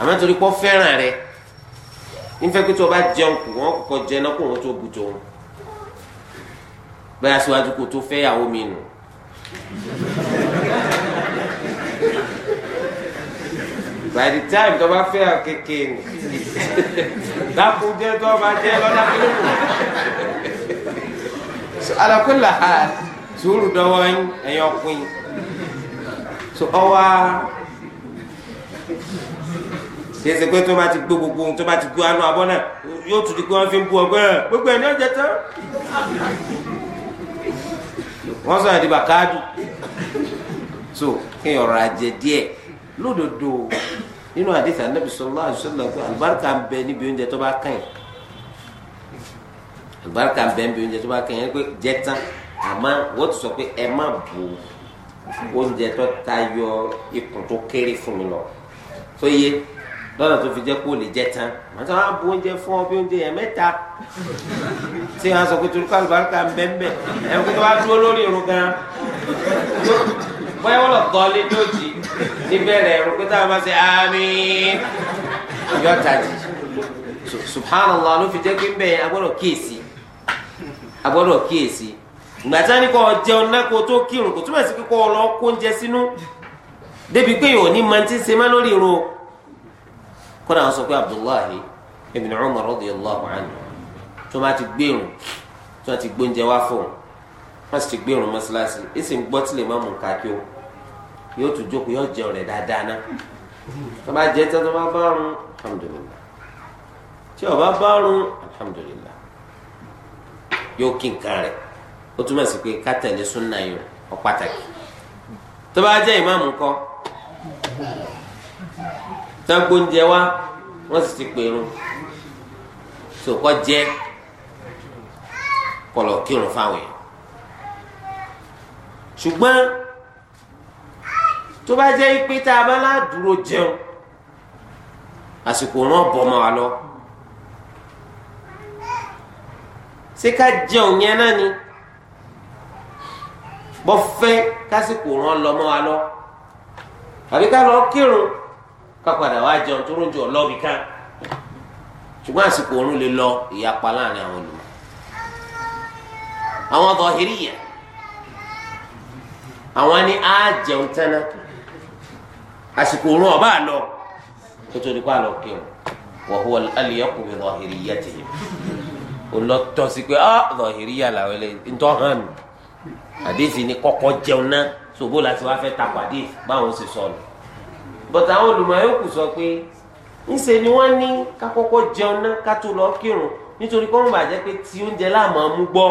àmọ́ torí pọ́ fẹ́ràn rẹ ìfẹ́ pé tó o bá jẹun kù wọ́n kọ́kọ́ jẹ náà kó wọ́n tó bu tòun báyà síwájú kó tó fẹ́ yàwó mi nù. by the time tó bá fẹ́ ọ kéke ni dákúndé tó bá jẹ́ lọ́dá tó kù. so alakola ha sùúrù dọwọ́ ẹ̀yàn pin so ọwa tẹsẹ pé tó bá ti gbó gbogbo ohun tó bá ti gbó anú abọ́ náà yóò tún di pé wọ́n fi ń bu ọgbẹ́ gbogbo ẹ̀ ní ọjà tán wọ́n sọ yẹn di bàkáàdù so kéèyàn ọ̀rọ̀ àjẹ díẹ̀ lódodo nínú àdìsá nàbì sallallahu alaihi wasallam àlùbáríkà ń bẹ níbi oúnjẹ tó bá kàn yín àlùbáríkà ń bẹ níbi oúnjẹ tó bá kàn yín pé jẹ tán àmọ́ ti sọ pé ẹ má bu oúnjẹ tó tayọ ikùn tó kéré fún mi lọ tó yé. lọ́nà tó fi jẹ́ kó lè jẹ tán màá sọ ah, bu oúnjẹ fún ọ bí oúnjẹ yẹn mẹ́ta tí wọn sọ pé torúkọ àlùbáríkà ń bẹ́ ń bẹ́ dúró lórí irun gan bóyá wọn lọ gọ́ọ́lé lójì níbẹ̀rẹ̀ táwọn ṣe subhanallah ló fi jẹ́ pé agbọ́dọ̀ kíyèsí agbọ́dọ̀ kíyèsí gbàtà ni kò jẹun náà tó kódà wọn sọ pé abdullahi ibn umar radiyallahu anhu tó máa ti gbẹrun tó máa ti gbóúnjẹ wá fún wọn sì ti gbẹrun mọ́ṣáláṣí èsì ń gbọ́ tilẹ̀ máa mú un kákí o yóò tún jókòó yóò jẹun rẹ̀ dáadáa ná tó bá jẹ tán tó bá bá rún alhamdulillah tí ó bá bá rún alhamdulillah yóò kí nǹkan rẹ̀ ó túmọ̀ sí pé ká tẹ̀lé súnà yìí pàtàkì tó bá jẹ́ ìmáàmù kọ́ tanko ń jẹ wá wọn sì ti pèrún sòkò jẹ kọlọ kírun fáwọn yẹn ṣùgbọ́n tó bá jẹ́ pé tá a bá ládùúró jẹun àsìkò ràn bọ̀ mọ́ wa lọ ṣé ká jẹun yẹn náà ni bọ́ fẹ́ kásìkò ràn lọ mọ́ wa lọ àbí ká lọ kírun kápadà wá jẹun tó rúnjọ lọ́ọ̀bì kan ṣùgbọ́n àsìkò oorun lè lọ ìyapa láàrin àwọn olùmọ̀ àwọn Zahiriyya àwọn ni á jẹun tánná àsìkò oorun ọba àlọ tó tó nípa àlọ kírun wa huwa al-alyaqu bi zahiriyyatihim olọtọ sí pé ah Zahiriyya làwọn eléyìí ń hàn mí àdéhìí ni kọ́kọ́ jẹun náà ṣòbó láti wá fẹ́ takò àdéhìí báwọn ṣe sọ̀rọ̀. bọta àwọn olùmọ̀ yòókù sọ pé ńṣe ni wọ́n ní ká kọ́kọ́ jẹun ná ká tó lọ kírun nítorí kọ́ bàjẹ́ pé tí oúnjẹ láàmú amú gbọ́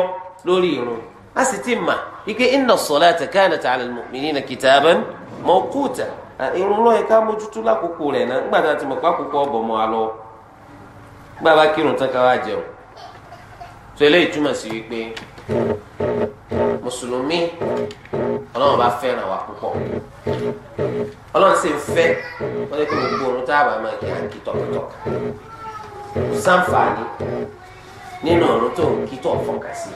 lórí irun a sì ti mà ike inna as-salata kanat 'ala al-mu'minina kitaban mawquta irun lọ́ọ́ yẹ mójútó lákòókò rẹ̀ náà nígbà tá mọ̀ mọ́ a lọ kírun tán ọlọ́run sì ń fẹ́ wọ́n lé pé gbogbo orun tá a bá máa kí á kí tọkàntọkà kò sáǹfààní nínú ọ̀run tó ń kí tọ̀ fọ́nkà sí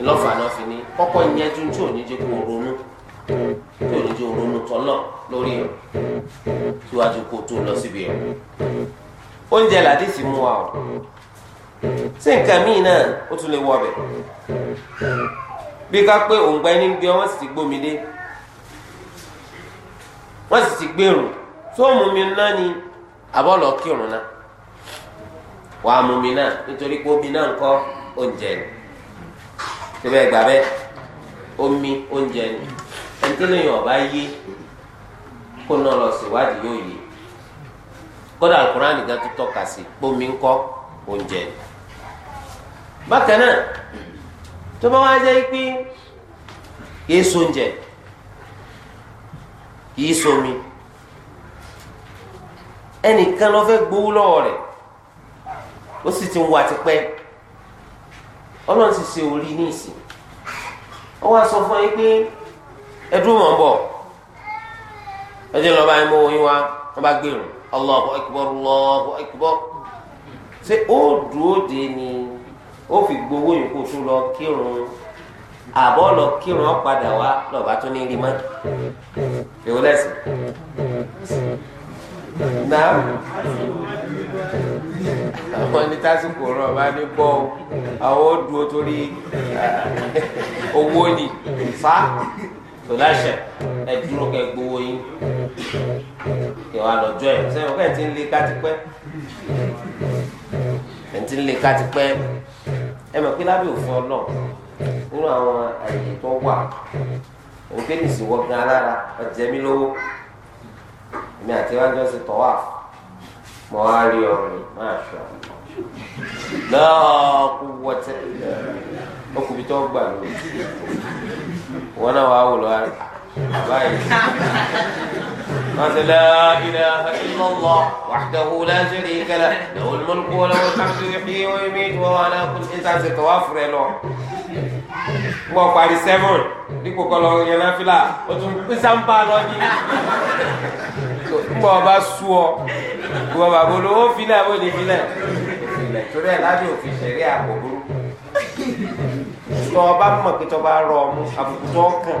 ìlọ́fà náà fi ní kọ́kọ́ yẹjú tí ò ní jẹ́ kó ronú tí ò ní jẹ́ ronú tọ́lọ̀ lórí ẹ̀ síwájú kó tó lọ síbi ẹ̀ oúnjẹ làdísì mú wa o sí nǹkan míì náà ó tún lè wọ ọbẹ̀ bí ká pé òǹgbẹ́ ní gbé wọ́n sì ti gbómi dé wọ́n sì ti gbèrò tó mú mi ná ni àbọ̀lọ̀ kírun náà wà á mú mi náà nítorí pé omi náà ń kọ́ oúnjẹ ni síbẹ̀ gbà bẹ́ẹ̀ omi oúnjẹ ni ẹni tó lẹ́yìn ọ̀bá yé kó náà yóò yé kì í ẹnìkan ló fẹ́ gbowó ó ti wà tipẹ́ ọlọ́run sì ṣe orí ní ìsìn ó wá sọ fún yín pé ẹdún mọ̀ ń bọ̀ ẹjẹ wa bá gbèrò ṣé ó dúró de ni ó fi gbowó yòókù tó lọ kírun. àbọ̀ lọ kírun ọ padà wá lọ́ba tún ní rí mọ́ èwo lẹ́sìn. náà àwọn ní tásìkò rán ọba ní bọ́ ọ àwọn ó dúró torí owó ni fa tò láṣẹ ẹ dúró kẹ gbowó yín kẹ lọ́jọ́ ẹ sẹ́yìn ọkọ ti ń le ká ti ń ẹ mọ̀ pé lábẹ́ òfin ọlọ́ọ̀ nínú àwọn àyè tó wà òkè nìsí wọ gan alára ọ̀jẹ̀ mi lówó èmi àti wájú ṣe tọ́ wà mọ wá rí ọ̀rọ̀ yìí máa ṣọ náà kú wọ́tẹ́ ọkùnrin tó gbà lóyún wọn náà wà á wò lọ́wọ́ báyìí. قال لا إله إلا الله وحده لا شريك له له الملك وله الحمد يحيي ويميت وهو على كل شيء قدير توافر له wọ́n parí seven dípò kọ́ lọ yẹn náà fìlà o tún písà ń bá a lọ ní. nígbà wọn bá sú ọ ìwọ bàbá olówó filẹ̀ ó lè filẹ̀ torí ẹ̀ lábẹ́ òfin ṣẹ̀rí àpò burú. tọ́ ọ bá mọ̀ pé tọ́ bá rọ ọmú àbùkù tó kàn.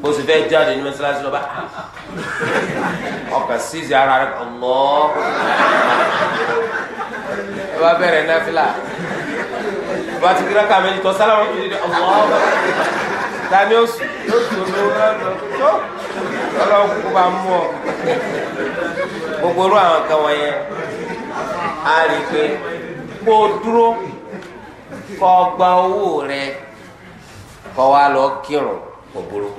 bó sì fẹ́ jáde ní mẹsàlásì lọ́ba ah, ah, ah. ọkà sízi ara rẹ ọlọ́ ẹ bá bẹ̀rẹ̀ náfìlà bá ti kíra kàmé jìtọ̀ sálámà kìí di ọlọ́ tani ó sùn yóò tó lówó lọ́dọ̀ tó ọlọ́run kó bá mú ọ gbogbo irú àwọn kan wọ̀nyẹn a rí i pé kó o dúró kó o gba owó rẹ kó o wá lọ kírun kò burú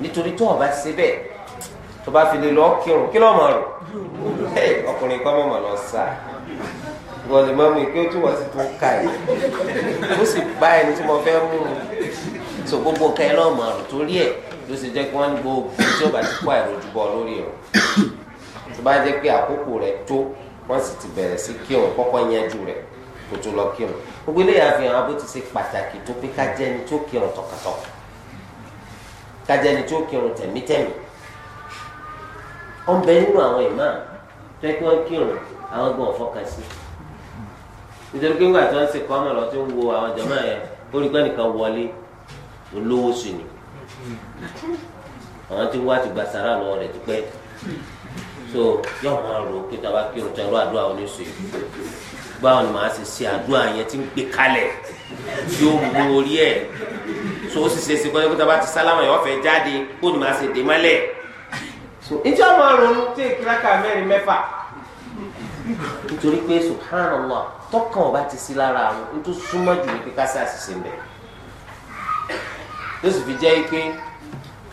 nítorí tó o bá ṣe bẹ́ẹ̀ tó bá fi lè lọ kírun kí lọ́ọ́ mọ̀ rò ọkùnrin kan mọ̀ lọ sá wọ́n lè mọ́ mi pé tí wọ́n ti tún ka yìí ó sì bá ẹni tí mo fẹ́ mú un so gbogbo ká ẹ lọ́ọ́ mọ̀ rò torí ẹ̀ ló ṣe jẹ́ kí wọ́n ní gbogbo tí o bá ti kó àìròjúbọ lórí ẹ̀ tó bá jẹ́ pé àkókò rẹ̀ tó wọ́n sì ti bẹ̀rẹ̀ sí kírun kọ́kọ́ yanjú rẹ̀ kó tó lọ kírun gbogbo eléyàá fi hàn abó ti ṣe pàtàkì tó pé ká jẹ́ ẹni tó kírun tọkàtọkà kájẹ́ ni tí ó kírun tẹ̀mítẹ̀mí ó ń bẹ nínú àwọn ìmáà tó yẹ kí wọ́n kírun àwọn gan ọ̀fọ́kàn sí nítorí pé ńgbà tí wọ́n ń ṣe kọ́mọ̀ lọ tó ń wo àwọn jọ̀mọ́ yẹn ó rí gbẹ́nìkan wọlé olówó sí ni àwọn tí wọ́n á ti gba sàrà lọ́wọ́ rẹ̀ ti pẹ́ so yóò máa rò pé tàbá kírun tó ẹrú àdúrà oníṣòwò báwo ni màá ṣe ṣe àdúrà yẹn ti ń gbé kalẹ̀ yóò mú orí ẹ̀ so ó sì ṣe é ṣe kọ́jọ́ kó taba ti sálámà yóò fẹ́ jáde kó ni màá ṣe dé mọ́lẹ̀ so ìjọ máa ronú tí ìkíráka mẹ́rin mẹ́fà nítorí pé subhanallah tọkàn ọba ti sí lára àwọn n tó súnmọ́ jù ní pípa sí àṣìṣe ń bẹ̀ ló sì fi jẹ́ pé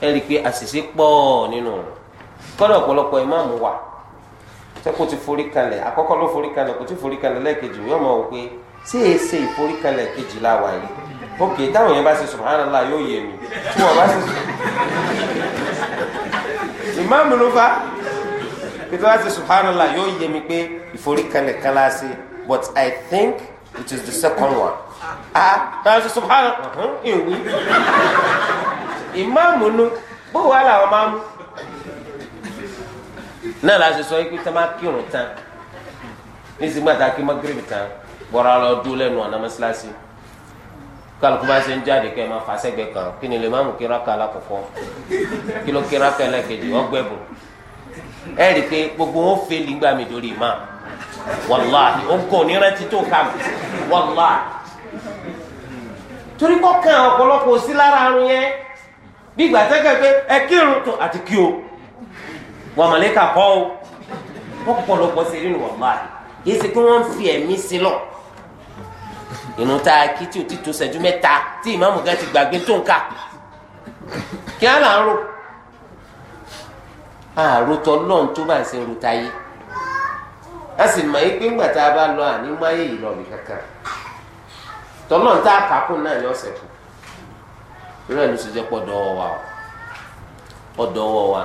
ẹ rí i pé àṣìṣe pọ̀ nínú kọ́dọ̀ ọ̀pọ̀lọpọ̀ ìmáàmù wa tẹ́ kó ti forí kalẹ̀ àkọ́kọ́ ló forí kalẹ̀ kó ti forí kalẹ̀ lẹ́ẹ̀kejì yóò máa wò pé ṣé e ṣe ìforíkalẹ̀ kejìlá wa yìí ok táwọn yẹn bá ṣe subhanallah yóò yé mi tí wọn bá ṣe ìmáàmù ló fa pété wá ṣe subhanallah yóò yé mi pé ìforíkalẹ̀ kan la ṣe but i think it is the second one ah táwọn ṣe subhanallah ìwí ìmáàmù nu bó wàá làwọn máa náà la ṣe sọ yìí pé tá a máa kírun tán ní ìsìnkú àtàkì mọ́gírìbì tán bọ́ra lọ dúró lẹ́nu ọ̀nà mọ́sálásí kálukú se ṣe ń jáde kẹ́ ẹ máa fà sẹ́gbẹ̀ẹ́ kan kí ni lè má mú kíráka alákọ̀ọ́kọ́ kí ló kíráka ẹlẹ́kejì ọgbẹ́bùn ẹ rí i pé gbogbo wọn fẹ́ lìgbà mi dórí ìmá wàláhì ó ń kọ́ onírántí tó kà mí wàláhì torí kọ́ kan ọ̀pọ̀lọpọ̀ sí lára arun yẹn bí ìgbà tẹ́kẹ̀ pé ẹ kírun tó àti kí o wà màlẹ́kà kọ́ o wọ́n pọ̀lọpọ̀ sí rí ni wàláhì kì í ṣe pé wọ́n fi ẹ̀mí sí lọ́ọ̀ ìrun tá a kí tí o ti tó ṣẹ́jú mẹ́ta tí ìmáàmù gan ti gbàgbé tó ń kà kí á là ń lọ́n tó bá ń ro a sì mọ̀ pé ńgbà tá a bá lọ àní máyé yìí lọ́ọ̀bì kankan tọ́lọ́n tá a kàkún náà ní ọ̀sẹ̀ kù rírẹ̀ ló ṣe jẹ́ pọ̀ dọ́wọ́ wa ọ̀dọ́wọ́ wa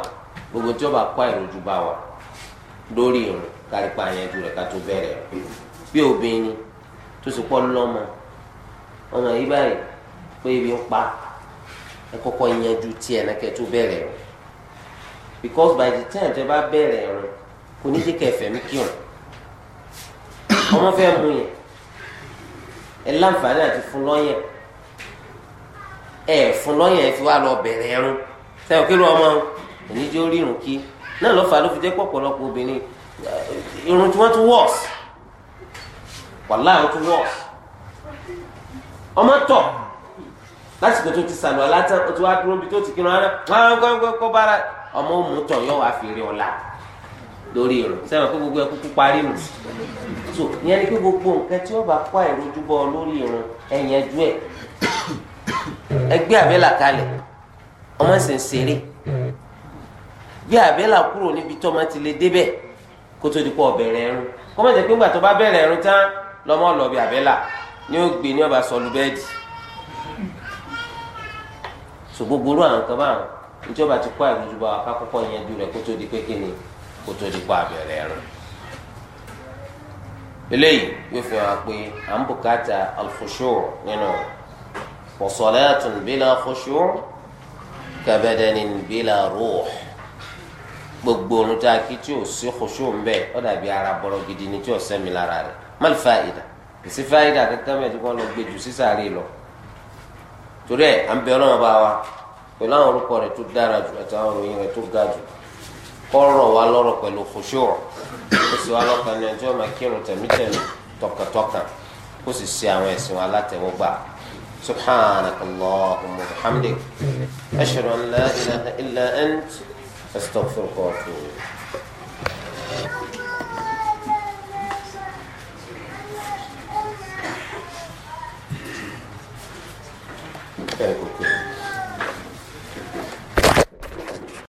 gbogbo tí o bá kọ́ bá wa lórí ìrun kárípa àyànjú rẹ̀ ká tó bẹ̀rẹ̀ bí obìnrin tó sì pọ̀ lọ́mọ ọmọ yìí báyìí pé ibi ń pa ẹ kọ́kọ́ yanjú tiẹ̀ náà kẹ́ tó bẹ̀rẹ̀ o because by the time tẹ bá bẹ̀rẹ̀ o kò ní jẹ́ kẹ́ fẹ̀mí kí o ọmọ fẹ́ mú yẹn ẹ láǹfààní àti fún lọ́yẹ̀ ẹ fún lọ́yẹ̀ ẹ fi wá lọ bẹ̀rẹ̀ ẹrú sẹ́wọ̀n kí ló ọmọ òní jẹ́ orírun kí náà lọ́fà ló fi jẹ́ pọ̀pọ̀lọpọ̀ obìnrin irun tí wọ́n tún wọ́ọ̀sì wàláì ó tún wọ́ọ̀sì ọmọ tọ̀ lásìkò tó ti sàlù alátàn ó ti wá dúró bí tó ti kírun ara kọ́ bára ọmọ òun tọ̀ yọ wá fèrè ọ̀la lórí irun sẹ́wọ̀n pé gbogbo ẹ kúkú parí nù so ìyẹn ni pé gbogbo nǹkan tí wọ́n bá kó àìrójúbọ lórí irun ẹ̀yẹn ju ẹ̀ ẹgbẹ́ àbẹ́là kalẹ̀ ọmọ sì ń ṣeré bí àbẹ́là kúrò níbi tí ọmọ ti lè débẹ̀ kó tó di pọ̀ bẹ̀rẹ̀ ẹ̀rùn kọ́mọ̀tẹ́ pé ńgbà tó bá bẹ̀rẹ̀ ẹ̀rùn tán lọ́mọ lọ́bi àbẹ́là ní ó gbé ní ọba sọlù bẹ́ẹ̀dì so gbogbo orú àwọn kan báwọn níjọba ti kó àìrójúbọ akákọ́kọ́ yẹn dúró rẹ̀ kó tó di pé kí ni kó tó di pa àbẹ̀rẹ̀ rẹ̀ eléyìí yóò fi hàn pé à ń bùkátà alfusur nínú wasalatun bila fusur kabadanin bila ruh gbogbo orun tí o sí khushur ń bẹ ọ dàbí ara bọrọ gidi ni tí o sẹmi lára rẹ̀ mal fa'ida kò sí fa'ida kankan mẹ́ẹ̀ tó kọ́ lọ gbé jù sí sàárè lọ torí ẹ̀ à ń bẹ ọlọ́run bá wa pẹ̀lú àwọn orúkọ rẹ̀ tó dára jù àti àwọn òròyìn rẹ̀ tó ga jù kọ́ rọ̀ wá lọ́rọ̀ pẹ̀lú khushu' ó sì wá lọ́kàn ní ẹjọ́ máa kírun tẹ̀mítẹ̀mí tọkàntọkàn ó sì ṣe àwọn ẹ̀sìn wa látẹ̀wọ́gbà سبحانك اللهم وبحمدك أشهد أن لا إله إلا أنت أستغفرك وأتوب えー、ご協